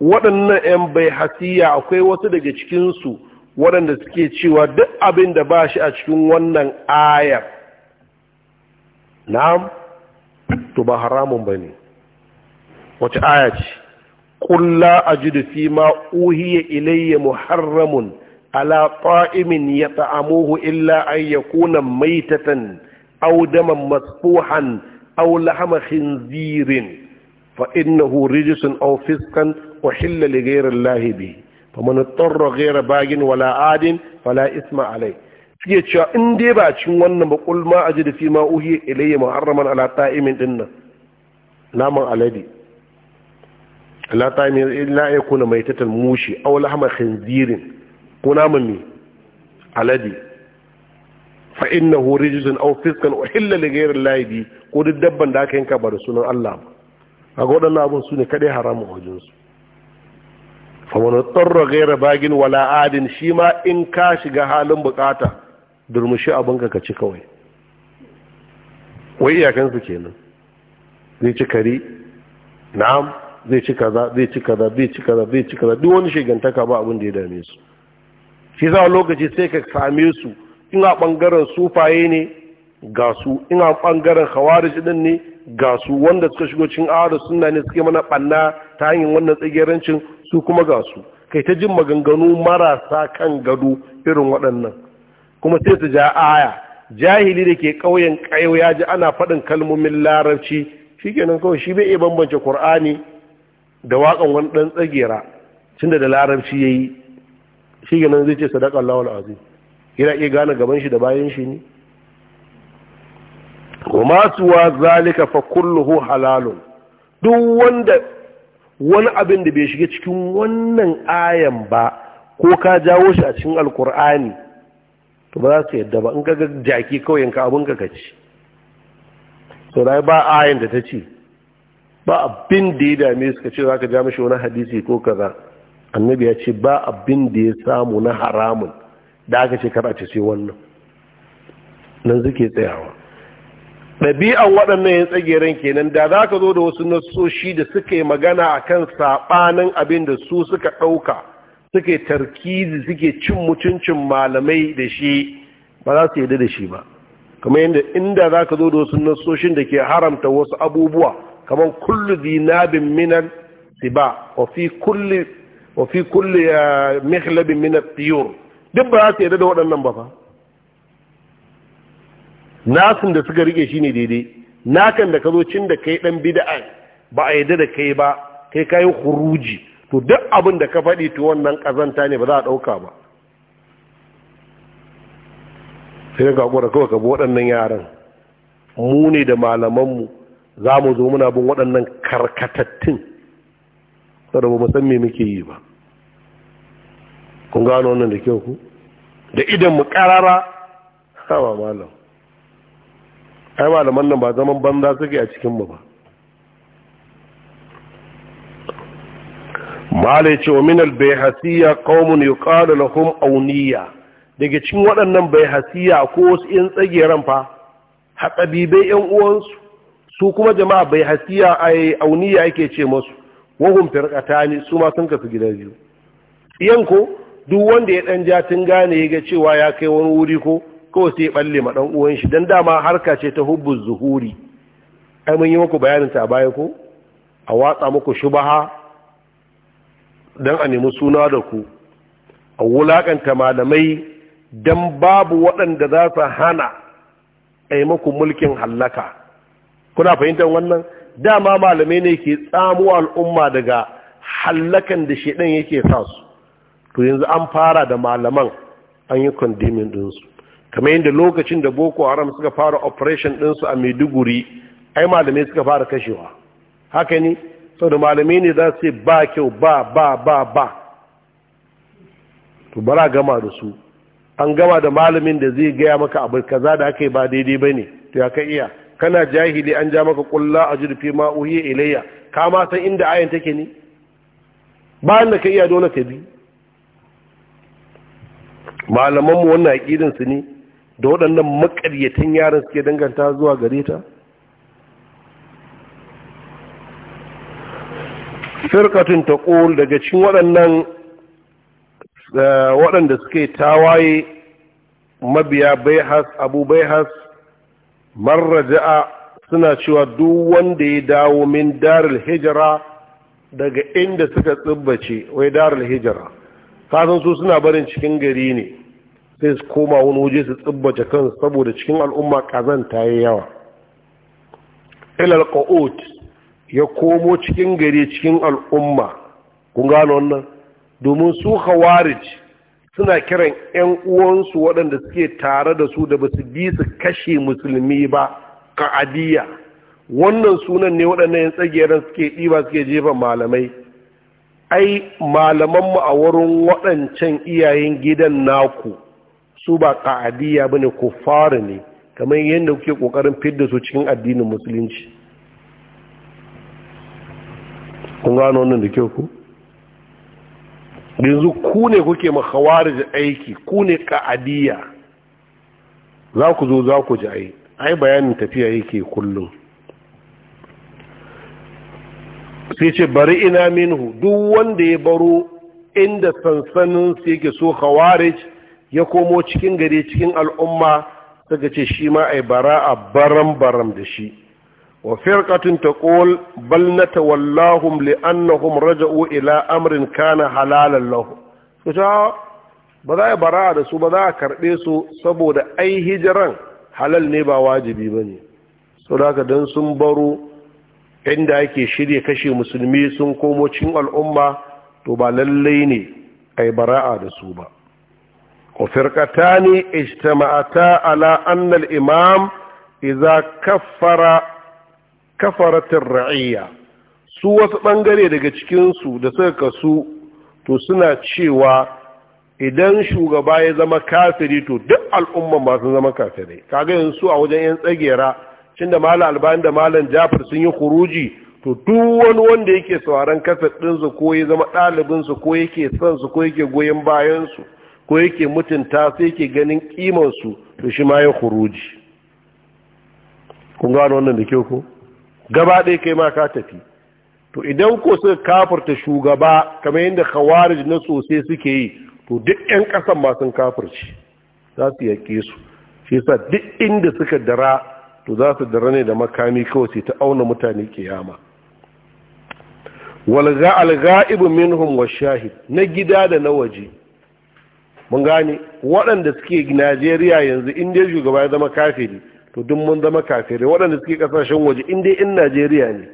waɗannan 'yan bai hasiya akwai wasu daga cikinsu waɗanda suke cewa duk abin da ba shi a cikin wannan ayar na'am to ba haramun ba ne wace aya ce ƙulla a fi ma uhiya ilayya muharramun ala ta'imin ya ta'amuhu illa an yakuna maitatan audaman masfuhan aw lahama khinzirin fa innahu rijsun aw fiskan uhilla li ghayri allahi bi faman tarra ghayra bagin wala adin fala isma alai suke cewa in dai ba cikin wannan ba kul ma ajidu fi ma uhi ilayya muharraman ala ta'imin dinnan naman alade ala ta'imin illa yakuna maitatan mushi aw lahama khinzirin ko naman mi fa innahu rijzun aw fiskan uhilla li ghayri bi ko duk dabban da aka yanka ba da sunan Allah ba kaga wadannan abun sune kadai haramun wajen su fa man tarra ghayra bagin wala adin shi ma in ka shiga halin bukata durmushi abun ka ci kawai wai iyakan su kenan zai ci kari na'am zai ci kaza zai ci kaza zai ci kaza zai ci kaza duk wani shigantaka ba abin da ya dame su shi za lokaci sai ka same su Ina ɓangaren sufaye ne ga su ina ɓangaren hawari ɗin ne ga su wanda suka shigo cin awa suna ne suke mana ɓanna ta hanyar wannan tsagerancin su kuma ga su kai ta jin maganganu marasa kan gado irin waɗannan kuma sai su ja aya jahili da ke ƙauyen ƙayo ya ji ana faɗin kalmomin larabci shi kenan kawai shi bai iya bambance ƙur'ani da waƙan wani ɗan tsagera tunda da larabci ya yi shi kenan zai ce sadaƙa lawal azim yana iya gane gaban shi da bayan shi ne wa suwa zalika fa kulluhu halalun duk wanda wani abin da bai shiga cikin wannan ayan ba ko ka jawo shi a cikin alkur'ani to ba za su yadda ba in ka jaki kawai yanka abin ka kaci so dai ba ayan da ta ce ba abin da ya dame su ka ce za ka ja mashi wani hadisi ko kaza annabi ya ce ba abin da ya samu na haramun da aka ce kar a ce wannan nan suke tsayawa ɗabi'an waɗannan yin tsageren kenan da za ka zo da wasu nasoshi da suka yi magana a kan saɓanin abin da su suka ɗauka suke tarkizi suke cin mutuncin malamai da shi ba za su yi da shi ba kamar yadda inda za ka zo da wasu nasoshin da ke haramta wasu abubuwa kamar kullu zinabin minan siba wa fi kulli eh, mihlabin minan tiyur duk ba za su yarda da waɗannan ba fa nasin da suka rike shine daidai nakan da ka zo cin da kai ɗan bid'a ba a yarda da kai ba kai ka yi huruji to duk abin da ka faɗi to wannan kazanta ne ba za a ɗauka ba sai ka hakura kawai ka bi waɗannan yaran mu ne da malamanmu za mu zo muna bin waɗannan karkatattun saboda ba mu san me muke yi ba kun gano wannan da kyau ku da idan mu karara hawa malam ai malaman nan ba zaman banza suke a cikin mu ba malai ce wa minal bai qaumun yuqalu lahum auniya daga cikin waɗannan bai hasiya ko wasu yan ran fa hatsabibai yan uwansu su kuma jama'a bai hasiya ai auniya yake ce masu wahum firqatani su ma sun kasu gida biyu yan duk wanda ya dan ja tun gane ya ga cewa ya kai wani wuri ko kawai sai ya balle ma dan uwan shi dan dama harka ce ta hubbuz zuhuri ai mun yi muku bayanin ta baya ko a watsa muku shubaha dan a nemi suna da ku a wulakanta malamai dan babu waɗanda za su hana ai muku mulkin hallaka kuna fahimtar wannan dama malamai ne ke tsamo al'umma daga hallakan da shedan yake sa su to yanzu an fara da malaman an yi condemning ɗinsu kamar yadda lokacin da boko haram suka fara operation ɗinsu a maiduguri ai malamai suka fara kashewa haka ne sau da malamai ne za su ba kyau ba ba ba ba to bara gama da su an gama da malamin da zai gaya maka abu kaza da aka yi ba daidai ba ne to ya ka iya kana jahili an ja maka kulla a jirfi ma ilayya ka ma san inda ayan take ne bayan da ka iya dole ka bi malamanmu wannan su ne da waɗannan maƙaryatan yaran suke danganta zuwa gare ta firkatun ta ƙol daga cikin waɗannan eh, waɗanda suke tawaye mabiya baihas abu baihas marraja'a suna cewa duk wanda ya dawo min darul hijira daga inda suka tsibbace wai darul hijira kasan su suna barin cikin gari ne sai su koma wani waje su tsibbace kansu saboda cikin al'umma kazanta ya yawa ilal ya komo cikin gari cikin al'umma kun gano wannan domin su khawarij suna kiran ƴan uwansu waɗanda suke tare da su da basu bi su kashe musulmi ba ka'adiyya wannan sunan ne waɗannan yan tsageren suke ɗiba suke jefa malamai ai malamanmu a wurin waɗancan iyayen gidan naku su ba ƙa'adiyya ba ne fara ne kamar yadda kuke ƙoƙarin fidda su cikin addinin musulunci kun gano wannan da kyau ku yanzu ku ne kuke makawar da aiki ku ne ƙa'adiyya za ku zo za ku ji ai ai bayanin tafiya yake kullum sai ce bari ina minhu duk wanda ya baro inda sansanin su yake so khawarij ya komo cikin gari cikin al'umma suka ce shi ma ai bara a baram-baram da shi wa ta taqul bal natawallahum li'annahum raja'u ila amrin kana halalan lahu kace ah, ba za a bara da su ba za a karbe su saboda ai hijiran halal ne ba wajibi ba su da haka dan sun baro inda ake shirya kashe musulmi sun komo cikin al'umma to ba lallai ne ai bara da su ba وفرقتان اجتمعتا على أن الإمام إذا كفر كفرت الرعية su wasu ɓangare daga cikinsu da suka kasu to suna cewa idan shugaba ya zama kafiri to duk al'umma masu zama kafirai kaga yanzu a wajen 'yan tsagera cin da malam albani da malam jafar sun yi kuruji to duk wani wanda yake sauraron kasar ɗinsu ko ya zama ɗalibinsu ko yake son su ko yake goyon bayansu ko yake mutunta sai yake ganin kimansu to shi ma ya kuruji. kun gano wannan da kyau ko gaba ɗaya kai ma ka tafi to idan ko suka kafirta shugaba kamar yadda khawarij na sosai suke yi to duk 'yan ƙasan ma sun kafirci za su yaƙe su shi yasa duk inda suka dara to za su dara ne da makami kawai sai ta auna mutane kiyama walga alga'ibu minhum shahid na gida da na waje mun gane waɗanda suke najeriya yanzu inda shugaba ya zama kafiri to duk mun zama kafiri waɗanda suke ƙasashen waje inda in najeriya ne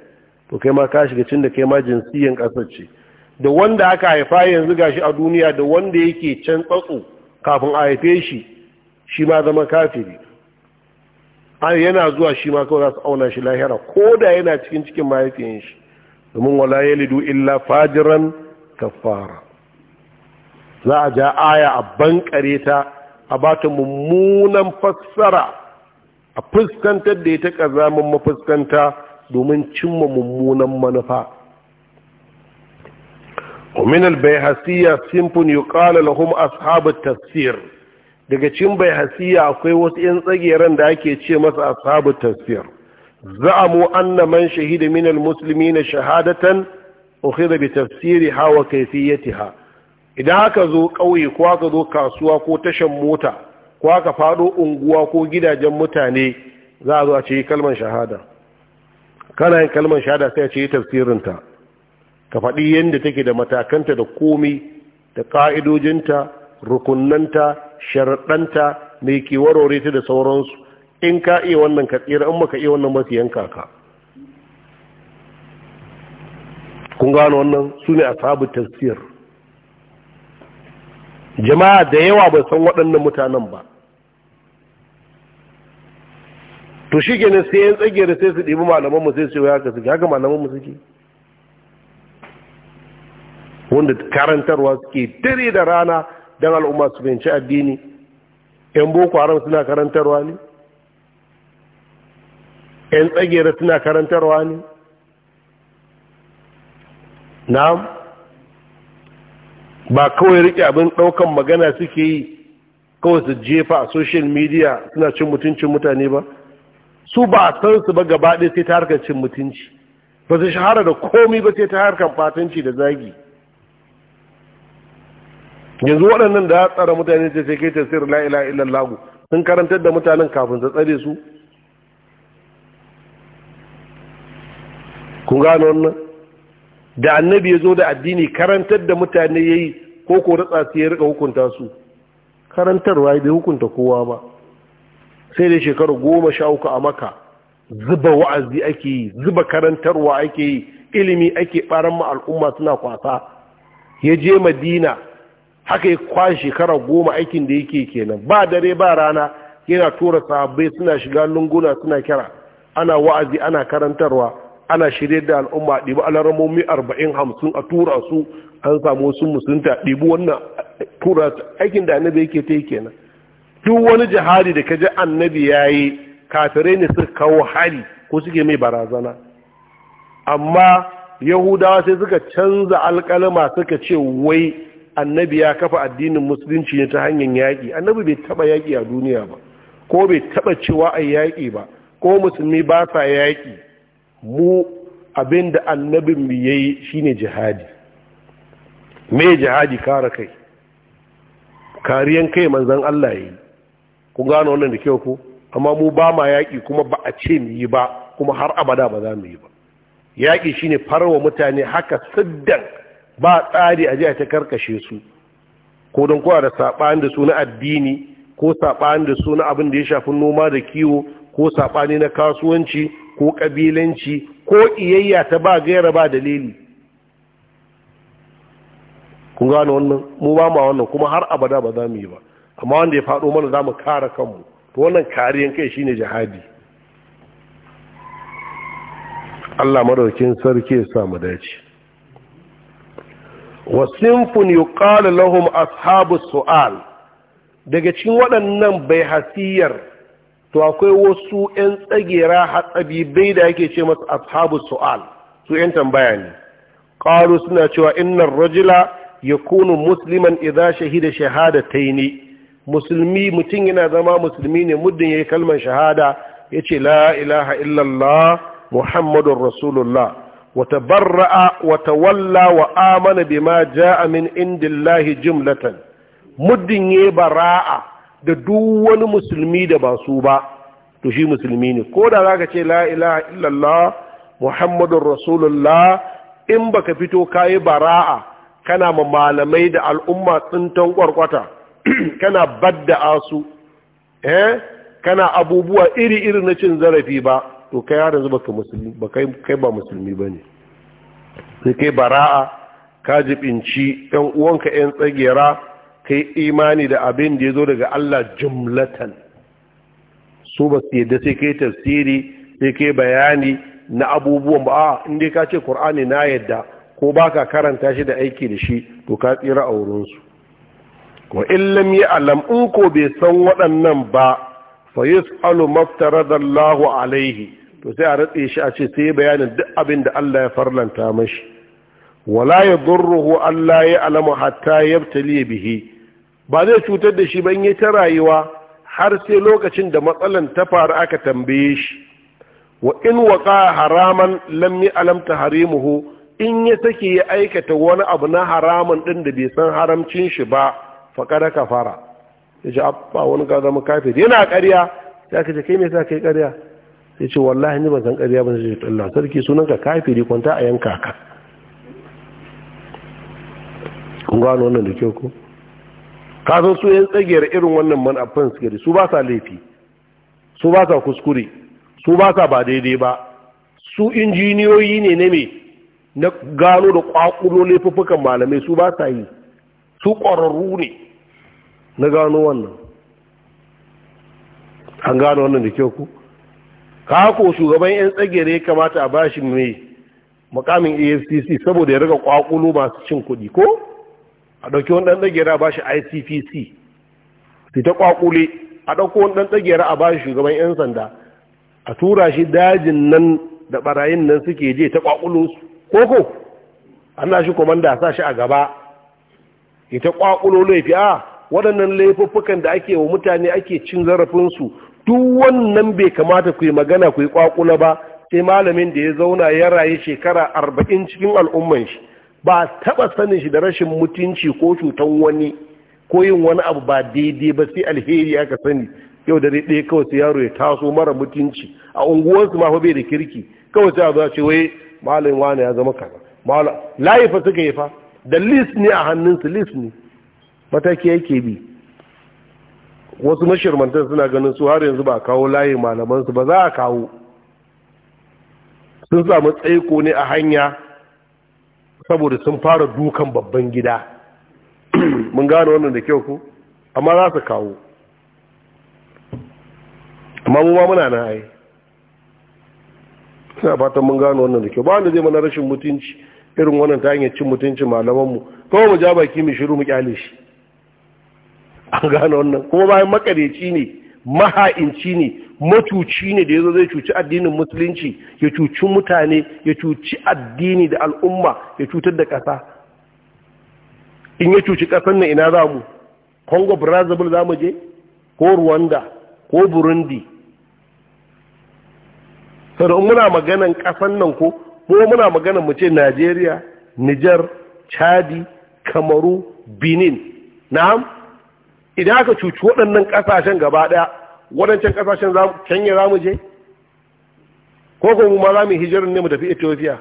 to kai ma ka shiga cin da kai ma jinsiyan ƙasar ce da wanda aka haifa yanzu gashi a duniya da wanda yake can tsatso kafin a haife shi shi ma zama kafiri an yana zuwa shi ma kawai za su auna shi lahira ko da yana cikin cikin mahaifiyan shi domin wala yalidu illa fajiran kafara za a ja aya a bankare ta a ba ta mummunan fassara a fuskantar da ita ƙazamin mafuskanta domin cimma mummunan manufa hasiya, البيهسية سيمفون يقال لهم أصحاب tafsir. daga bai baihasiya akwai wasu 'yan tsageren da ake ce masa ashabu tafsir mu anna man shahida min na shahadatan ukhidha bi hawa wa ha idan aka zo ƙauye ko aka zo kasuwa ko tashan mota ko aka faɗo unguwa ko gidajen mutane za a zo a ce kalmar shahada kana yin kalmar shahada sai a ce tafsirinta ka faɗi yadda take da matakanta da komi da ƙa'idojinta rukunanta sharaɗanta mai ke warware ta da sauransu in ka iya wannan ka tsira in maka iya wannan mafi yanka ka kun gano wannan su ne a sabu tafsir jama'a da yawa bai san waɗannan mutanen ba to shi ke sai yin tsagiyar sai su ɗibi malamanmu sai su ya kasu haka malamanmu suke wanda karantarwa suke dare da rana don al'umma su fahimci addini yan boko haram suna karantarwa ne yan tsagera suna karantarwa ne na'am ba kawai rike abin ɗaukan magana suke yi kawai su jefa a social media suna cin mutuncin mutane ba su ba a san su ba gaba ɗaya sai ta harkar cin mutunci ba su shahara da komi ba sai ta harkar fatanci da zagi yanzu waɗannan da ya tsara mutane ce sai kai tafsir la'ila ilan lagu sun karantar da mutanen kafin su tsare su kun gane wannan da annabi ya zo da addini karantar da mutane ya yi ko ko ratsa su ya rika hukunta su karantarwa bai hukunta kowa ba sai da shekaru goma sha uku a maka zuba wa'azi ake yi zuba karantarwa ake yi ilimi ake ɓaran ma al'umma suna kwasa ya je madina haka ya kwashe shekara goma aikin da yake kenan ba dare ba rana yana tura sahabbai suna shiga lunguna suna kira ana wa'azi ana karantarwa ana shirye da al'umma ɗibi alarmomi arba'in hamsin a tura su an samu sun musulunta ɗibi wannan tura su aikin da annabi yake ta yi kenan duk wani jihadi da ka ji annabi ya yi kafirai ne suka kawo hari ko suke mai barazana amma yahudawa sai suka canza alkalama suka ce wai annabi ya kafa addinin musulunci ne ta hanyar yaƙi annabi bai taɓa yaƙi a duniya ba ko bai taɓa cewa a yaƙi ba ko musulmi ba sa yaƙi mu abin da annabin mu ya yi shi ne jihadi me jihadi kare kai kariyan kai manzon Allah yi, ku gano wannan da kyau ko amma mu ba ma yaƙi kuma ba a ce mu yi ba kuma har abada ba za mu yi ba yaƙi shi shine farwa mutane haka siddan ba tsari a jiya ta karkashe su ko don kowa da saɓani da su na addini ko saɓani da su na abin da ya shafi noma da kiwo ko saɓani na kasuwanci ko ƙabilanci ko iyayya ta ba gaira ba dalili kun gano wannan mu ba ma wannan kuma har abada ba za mu yi ba amma wanda ya faɗo mana za mu kare kanmu to wannan kariyan kai shine jihadi Allah madaukin sarki ya sa mu dace Wa sinfun yuqalu lahum ashabus su'al daga cikin waɗannan bai hasiyar to akwai wasu 'yan tsagera hatsabibai da yake ce masu ashabu su'al su 'yan tambaya ne ƙaru suna cewa innar rajila ya kunu musliman idan shahida shahada ta ne musulmi mutum yana zama musulmi ne muddin ya yi kalmar shahada ya ce la ilaha illallah muhammadun rasulullah wata barra'a wata walla wa amana bima ja'a min indillahi jumlatan muddin ya bara'a da duk wani musulmi da ba su ba to shi musulmi ne ko da zaka ce la ilaha illallah muhammadun rasulullah in baka fito kayi bara'a kana ma malamai da al'umma tsintan kwarkwata kana badda asu eh kana abubuwa iri-iri na cin zarafi ba to kai har yanzu baka musulmi ba kai ba musulmi bane sai kai bara'a ka jibinci ɗan uwanka 'yan tsagera kai imani da abin da ya zo daga Allah jumlatan su ba su yadda sai kai tafsiri sai kai bayani na abubuwan ba a inda ka ce ƙur'ani na yadda ko ba ka karanta shi da aiki da shi to ka tsira a wurinsu wa illam ya alam in ko bai san waɗannan ba fa da Allahu alaihi to sai a ratse shi a ce sai bayanin duk abin da Allah ya farlanta mashi wala ya durruhu Allah ya alamu hatta yabtali bihi ba zai cutar da shi ba in yi ta rayuwa har sai lokacin da matsalan ta faru aka tambaye shi wa in waka haraman lam yi alamta harimuhu in ya sake ya aikata wani abu na haraman ɗin da bai san haramcin shi ba faƙada ka fara ya ce abba wani ka zama kafir yana ƙarya ya ka ce kai me sa kai ƙarya ya ce wallahi ni ban san ƙarya ban sai Allah sarki sunan ka kafiri kwanta a yanka ka kun gano wannan da kyau ko kasan su yan tsagiyar irin wannan manafan suke gari su ba sa laifi su ba sa kuskure su ba sa ba daidai ba su injiniyoyi ne na me na gano da ƙwaƙulo laifuffukan malamai su ba sa yi su ƙwararru ne na gano wannan an gano wannan da kyau ku kako shugaban 'yan ya kamata a bashi mai makamin afcc saboda ya riga ƙwaƙulo masu cin kuɗi ko a ɗauki wani ɗan tsagera ba shi icpc su ta ƙwaƙule a ɗauko wani ɗan tsagera a ba shi shugaban 'yan sanda a tura shi dajin nan da ɓarayin nan suke je ta ƙwaƙulo su koko ana shi komanda sa shi a gaba ya ta ƙwaƙulo laifi a waɗannan laifuffukan da ake wa mutane ake cin zarafinsu duk wannan bai kamata ku yi magana ku yi ƙwaƙula ba sai malamin da ya zauna ya rayu shekara arba'in cikin al'umman shi ba taɓa sanin shi da rashin mutunci ko cutar wani ko yin wani abu ba daidai ba sai alheri aka sani yau da ɗaya kawai sai yaro ya taso mara mutunci a unguwarsu ma fa bai da kirki kawai sai a ce wai malam wani ya zama kaza malam layi fa suka yi fa da list ne a hannunsu list ne mataki yake bi wasu mashirmantan suna ganin su har yanzu ba kawo layi malamansu ba za a kawo sun samu tsaiko ne a hanya saboda sun fara dukan babban gida mun gane wannan da kyau ku amma za su kawo amma mu ma muna na ai suna fatan mun gane wannan da kyau ba wanda zai mana rashin mutunci irin wannan ta hanyar cin mutunci malamanmu kawai mu ja baki mu shiru mu kyale shi an gane wannan kuma bayan makareci ne maha'inci ne matuci ne da ya zo zai cuci addinin musulunci ya cuci mutane ya cuci addini da al'umma ya cutar da ƙasa in ya cuci ƙasar na ina za mu congo brazil za je ko rwanda ko burundi sada muna maganan ƙasan nan ko Ko muna maganan mu ce najeriya Nijar, chadi kamaru benin na'am idan aka cuci waɗannan ƙasashen gaba ɗaya waɗancan ƙasashen kenya za mu je ko kuma ma za mu hijirin ne mu tafi ethiopia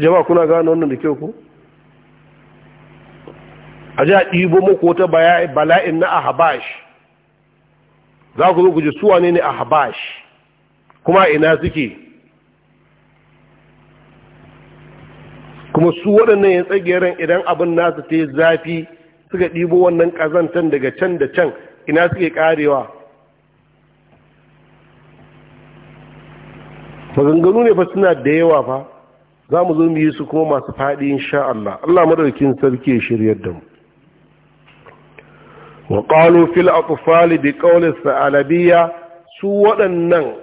jama'a kuna gano wannan da kyau ku a ji a ɗibo muku wata bala'in na ahabash za ku zo ku ji suwa ne ne ahabash kuma ina suke kuma su waɗannan yan tsageren idan abin nasu ta yi zafi suka ɗibo wannan ƙazantan daga can da can ina suke ƙarewa maganganu ne fa suna da yawa fa za mu zo mu yi su kuma masu faɗi sha Allah Allah madaukin sarki ya shiryar da mu wa qalu fil atfal bi qawli sa'alabiyya su waɗannan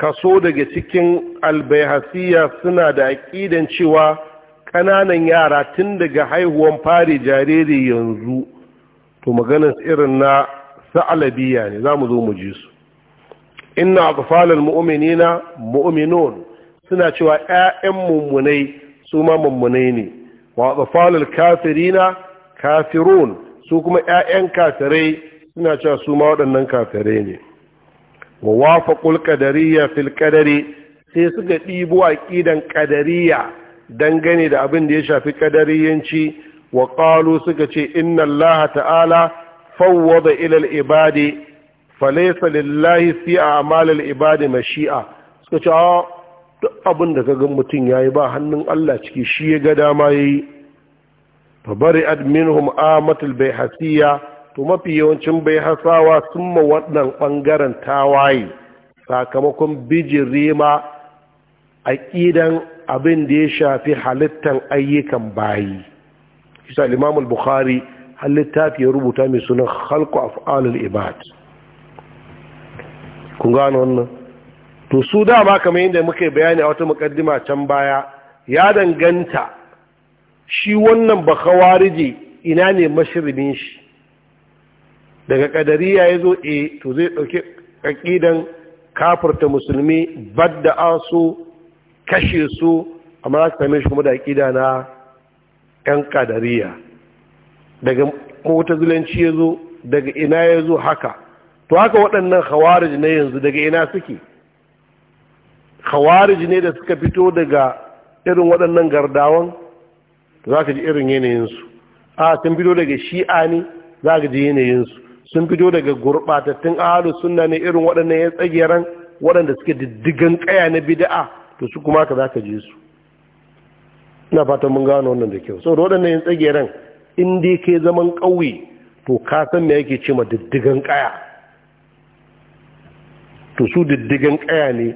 kaso daga cikin albayhasiya suna da aƙidan cewa ƙananan yara tun daga haihuwan fari jariri yanzu to maganin irin na sa'alabiya ne za mu zo mu ji su inna atfalal mu'minina mu'uminon suna cewa 'ya'yan mummunai su ma mummunai ne wa atfalal kafirina kafirun su kuma 'ya'yan kafirai suna cewa su ma waɗannan kafirai ne wa wafa qadariyya fil filƙadari sai suka ɗibo a ƙidan qadariyya dangane da abin da ya shafi kadariyanci wa qalu suka ce inna allaha ta'ala fawwada ila al-ibadi falaysa lillahi fi a'mal al-ibadi mashi'a suka ce ah, duk abin da kaga mutum yayi ba hannun Allah ciki shi ya ga dama yayi fa bari'at minhum amatul bayhasiya to mafi yawancin bayhasawa sun ma wannan bangaren tawaye sakamakon bijirima aqidan abin da ya shafi halittar ayyukan bayi isa limam al-bukhari halitta ya rubuta mai sunan halku af'alul ibad kun gano wannan to su dama kamar yadda muka bayani a wata mukaddima can baya ya danganta shi wannan bakawariji ina ne mashirmin shi daga kadariya ya zo e to zai dauke kakidan kafirta musulmi badda asu kashe su amma za su same shi kuma da aƙida na 'yan ƙadariya daga Zulanci ya zo daga ina ya zo haka to haka waɗannan khawarij na yanzu daga ina suke khawarij ne da suka fito daga irin waɗannan gardawan za ka ji irin yanayinsu a sun fito daga shi'a ne za ka ji yanayinsu sun fito daga gurɓatattun ahalu sunna ne irin waɗannan ya tsagiyaran waɗanda suke diddigan ƙaya na bida'a to su kuma ka za ka je su ina fatan mun gano wannan da kyau saboda waɗannan yin tsageren in dai ke zaman ƙauye to ka san me yake ce ma diddigan ƙaya to su diddigan ƙaya ne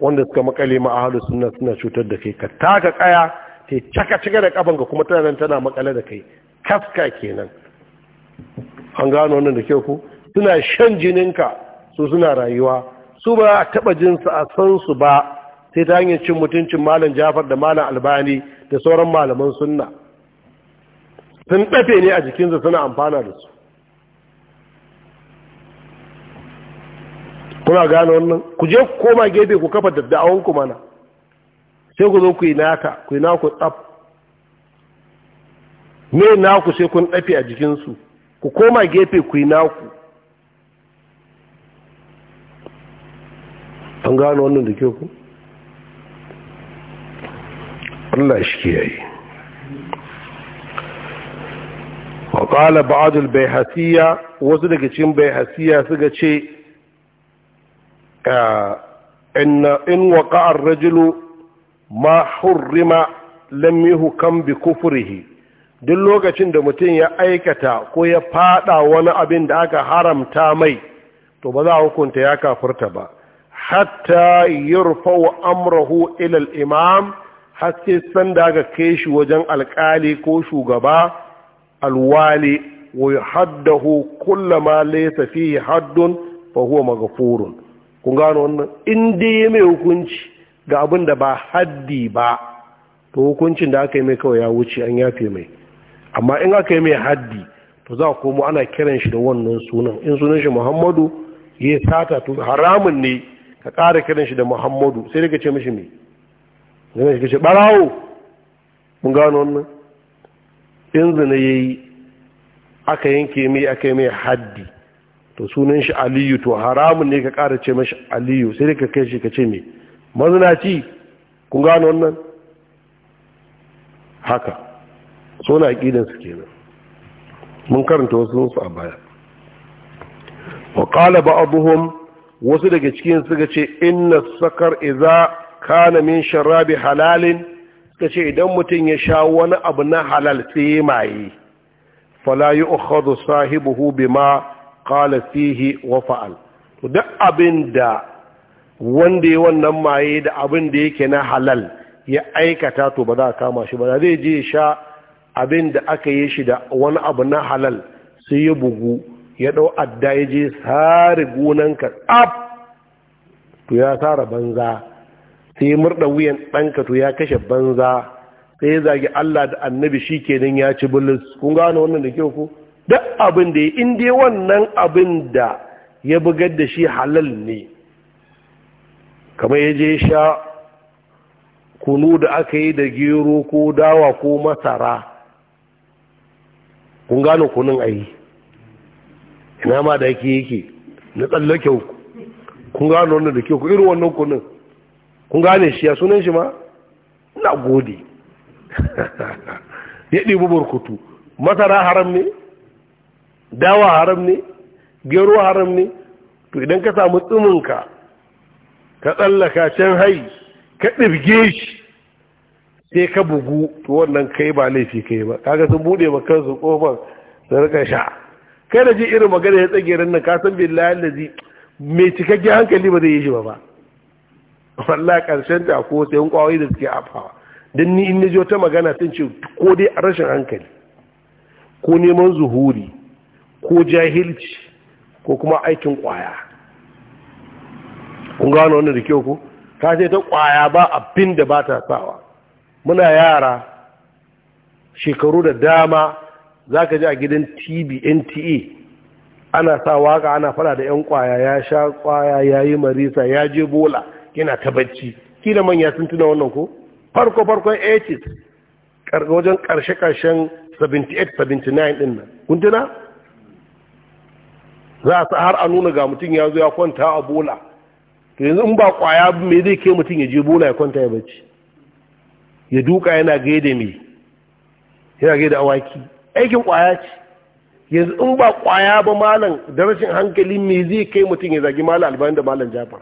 wanda suka makale ma ahalu sunna suna cutar da kai ka taka ƙaya ta caka cika da kafan ka kuma tana tana makale da kai kaska kenan an gano wannan da kyau ku? suna shan jininka su suna rayuwa su ba a taɓa jinsu a san su ba sai ta hanyar cin mutuncin malam jafar da malam albani da sauran malaman sunna sun ɗafe ne a jikinsa suna amfana da su kuna gane wannan ku je koma gefe ku kafa dadda'awanku mana sai ku zo ku yi naka ku yi naku tsaf me naku sai kun ɗafe a jikinsu ku koma gefe ku yi naku an gano wannan da ke ku Allah shi kiyaye wa wasu daga cikin bayhasiya suka ce ah, in in waqa'a rajulu ma hurrima lam yuhkam bi kufurihi duk lokacin da mutum ya aikata ko ya fada wani abin da aka haramta mai to ba za a hukunta ya kafirta ba hatta rufa wa amrahu ilal imam haske san da aka kai shi wajen alkali ko shugaba alwali wa haddahu ma laysa fihi haddun fa huwa maghfurun kun gano wannan in dai mai hukunci ga abin da ba haddi ba to hukuncin da aka yi mai kawai ya wuce an yafe mai amma in aka yi mai haddi to za ku komo ana kiran shi da wannan sunan in sunan shi muhammadu ya sata to haramun ne ka ƙara kiran shi da muhammadu sai ka ce mishi mai zai shiga shi barawo mun gano wannan in zina ya yi aka yanke mai aka yi mai haddi to sunan shi aliyu to haramun ne ka ƙara ce mashi aliyu sai dai ka kai shi ka ce mai mazinaci kun gano wannan haka suna su kenan mun karanta wasu su a baya wa ƙala wasu daga cikin suka ce inna sakar iza kana min sharabi halalin ta ce idan mutum ya sha wani abu na halal sai maye fala yi ukhadu sahibuhu bima qala fihi wa fa'al to duk abinda wanda ya wannan maye da abinda yake na halal ya aikata to ba za a kama shi ba zai je sha abinda aka yi shi da wani abu na halal sai ya bugu ya dau adda ya je sare gonanka tsaf to ya tara banza sai murda wuyan ɗanka to ya kashe banza sai ya zagi Allah da annabi shi kenan ya ci bulus kun gano wannan da kyau ku duk abin da ya in dai wannan abin da ya bugar da shi halal ne kamar ya je sha kunu da aka yi da gero ko dawa ko masara kun gano kunun ayi ina ma da yake yake na tsallake kun gano wannan da kyau ku irin wannan kunun kun gane shi a sunan shi ma na gode ya ɗibi burkutu masara haram ne dawa haram ne gero haram ne to idan ka samu tsumin ka tsallaka can hai ka ɗirge shi sai ka bugu to wannan kai ba laifi kai ba kaga sun bude ba kansu ƙofar su rika sha kai da ji irin magana ya tsage ran nan ka san billahi allazi mai cikakken hankali ba zai yi shi ba ba wallahi karshen ta ko sai kwayoyi da suke afawa dan ni in naji ta magana sun ce ko dai a rashin hankali ko neman zuhuri ko jahilci ko kuma aikin kwaya kun gano wannan da kyau ko Ta ce ta kwaya ba abin da ba ta sawa muna yara shekaru da dama za ka ji a gidan tv nta e, ana sa waka ana faɗa da 'yan kwaya ya sha kwaya ya yi marisa ya je bola yana ta bacci kila manya sun tuna wannan ko farko farkon 80s wajen karshe karshen 78 79 din nan kun tuna za su har a nuna ga mutum ya zo ya kwanta a bola to yanzu in ba kwaya me zai ke mutum ya je bola ya kwanta ya bacci ya duka yana gaida me yana gaida awaki aikin kwaya ce yanzu in ba kwaya ba malam da hankali me zai kai mutum ya zagi malam albani da malam jafar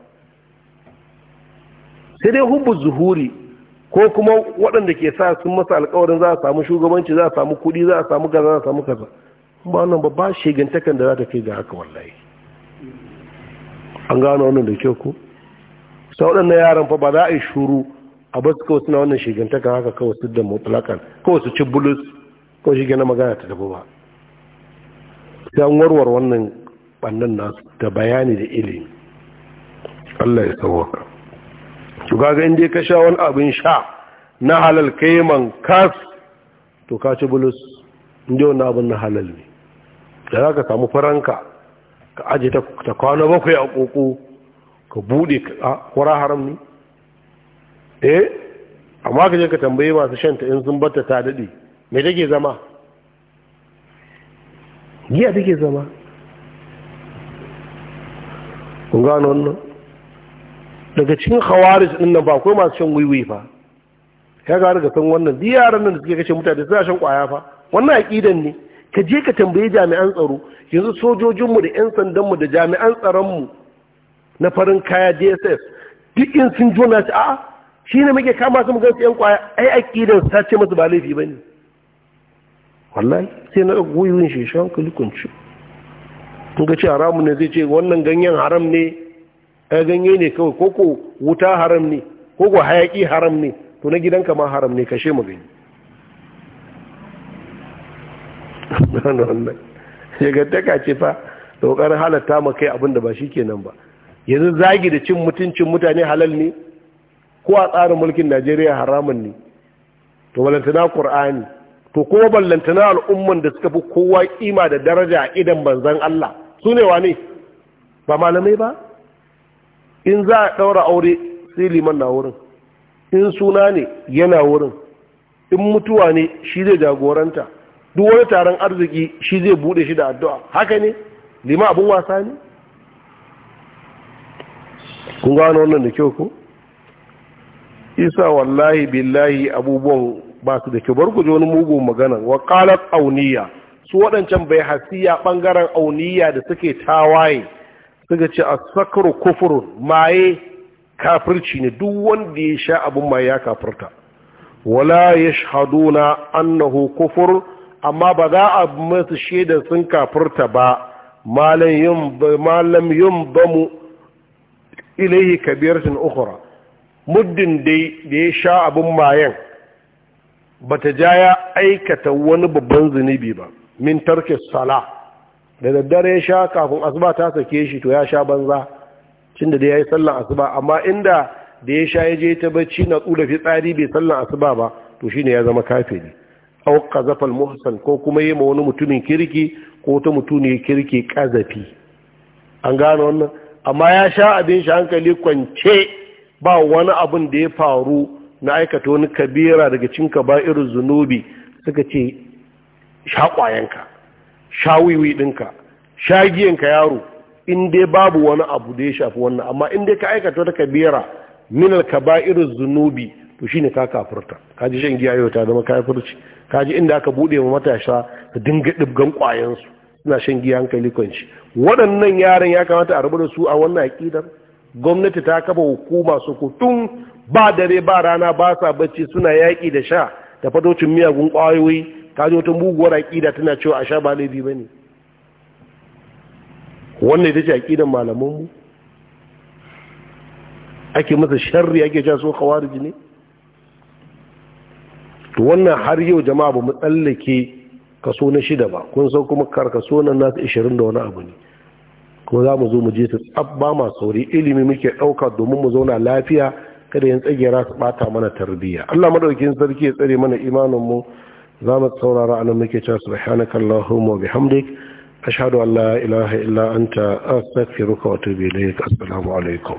sai dai hubbu zuhuri ko kuma waɗanda ke sa sun masa alkawarin za a samu shugabanci za a samu kuɗi za a samu kaza za a samu kaza ba wannan babba shegantakan da za ta kai ga haka wallahi an gano wannan da kyau ko sa waɗannan yaran fa ba za a yi shuru a ba su kawai suna wannan shegantakan haka kawai su da mutlakan kawai su ci bulus ko shi gina magana ta tafi ba sai an warwar wannan ɓannan nasu da bayani da ilimi Allah ya sauwaka to kaga inda ka sha wani abin sha na halal kaiman kas to ka ci bulus inda wani abin na halal ne da za ka samu faranka ka aji ta kwana bakwai a koko ka bude a kwara haram ne eh amma ka je ka tambaye masu shanta in sun bata ta daɗe me take zama giya take zama kun gano wannan daga cikin khawarij din nan ba ko masu shan wiwi fa ya ga daga san wannan duk yaran nan da suke kashe mutane suna shan kwaya fa wannan aqidan ne ka je ka tambaye jami'an tsaro yanzu sojojinmu da 'yan sandanmu da jami'an tsaronmu na farin kaya dss duk in sun jona ci a shi ne muke kama su mugansu 'yan kwaya ai aƙidan ce masu ba laifi ba ne wallahi sai na goyon shi shan kulikun kun ga ce haramun ne zai ce wannan ganyen haram ne Ka ganye ne kawai koko wuta haram ne koko hayaki haram ne to na gidanka ma haram ne kashe mu gani taka ce fa da halatta ma kai abinda da ba shi kenan ba yanzu zagi da cin mutuncin mutane halal ne ko a tsarin mulkin najeriya haramun ne to ballantana ƙur'ani to kuma ballantana al'umman da suka fi kowa kima da daraja a idan banzan allah su ne wa ne ba malamai ba in za a ɗaura aure sai liman na wurin in suna ne yana wurin in mutuwa ne shi zai jagoranta duk wani taron arziki shi zai bude shi da addu'a haka ne liman abin wasa ne kun gano wannan da kyau ko isa wallahi billahi abubuwan ba su da kyau bar ku ji wani mugun magana wa qalat auniya su waɗancan bai hasiya ɓangaren auniya da suke tawaye suka ce a sakaru kufurun maye kafirci ne duk wanda ya sha abin maye ya kafirta wala ya shahaduna annahu kufur amma ba za a masu shaidar sun kafirta ba malam yin bamu ilaihi kabiratin ukura muddin dai da ya sha abin mayen ba ta ja ya aikata wani babban zunubi ba min tarke sala da daddare ya sha kafin asuba ta sake shi to ya sha banza cinda da ya yi sallan asuba amma inda da ya sha ya je ta bacci na tsula fitsari bai sallan asuba ba to shi ne ya zama kafiri au qazafal muhsan ko kuma yi ma wani mutumin kirki ko ta ne kirki kazafi an gano wannan amma ya sha abin shi hankali kwance ba wani abin da ya faru na aikata wani kabira daga cin irin zunubi suka ce sha kwayanka shawiwi ɗinka shagiyanka yaro in dai babu wani abu da ya shafi wannan amma in dai ka aikata ta kabira min al zunubi to shine ka kafurta kaji shan giya yau ta zama kafirci kaji inda aka buɗe wa matasha da dinga ɗibgan kwayan su suna shan giya hankali kwanci waɗannan yaran ya kamata a da su a wannan aƙidar gwamnati ta kafa hukuma su tun ba dare ba rana ba sa bacci suna yaƙi da sha da fatocin miyagun ƙwayoyi. kaji wata muguwar aƙida tana cewa a sha ba laifi ba ne wannan ita ce aƙidan malamanmu ake masa sharri ake ja so kawariji ne to wannan har yau jama'a ba mu tsallake kaso na shida ba kun san kuma kar kaso na nasu ishirin da wani abu ne kuma za mu zo mu je ta tsabba ma sauri ilimi muke ɗauka domin mu zauna lafiya kada yin tsagera su ɓata mana tarbiyya allah madaukin sarki ya tsare mana imanin mu. za mu a nan muke cewa subhanaka allahumma bihamdik ashhadu an la ilaha illa anta astaghfiruka wa atubu ilayk assalamu alaikum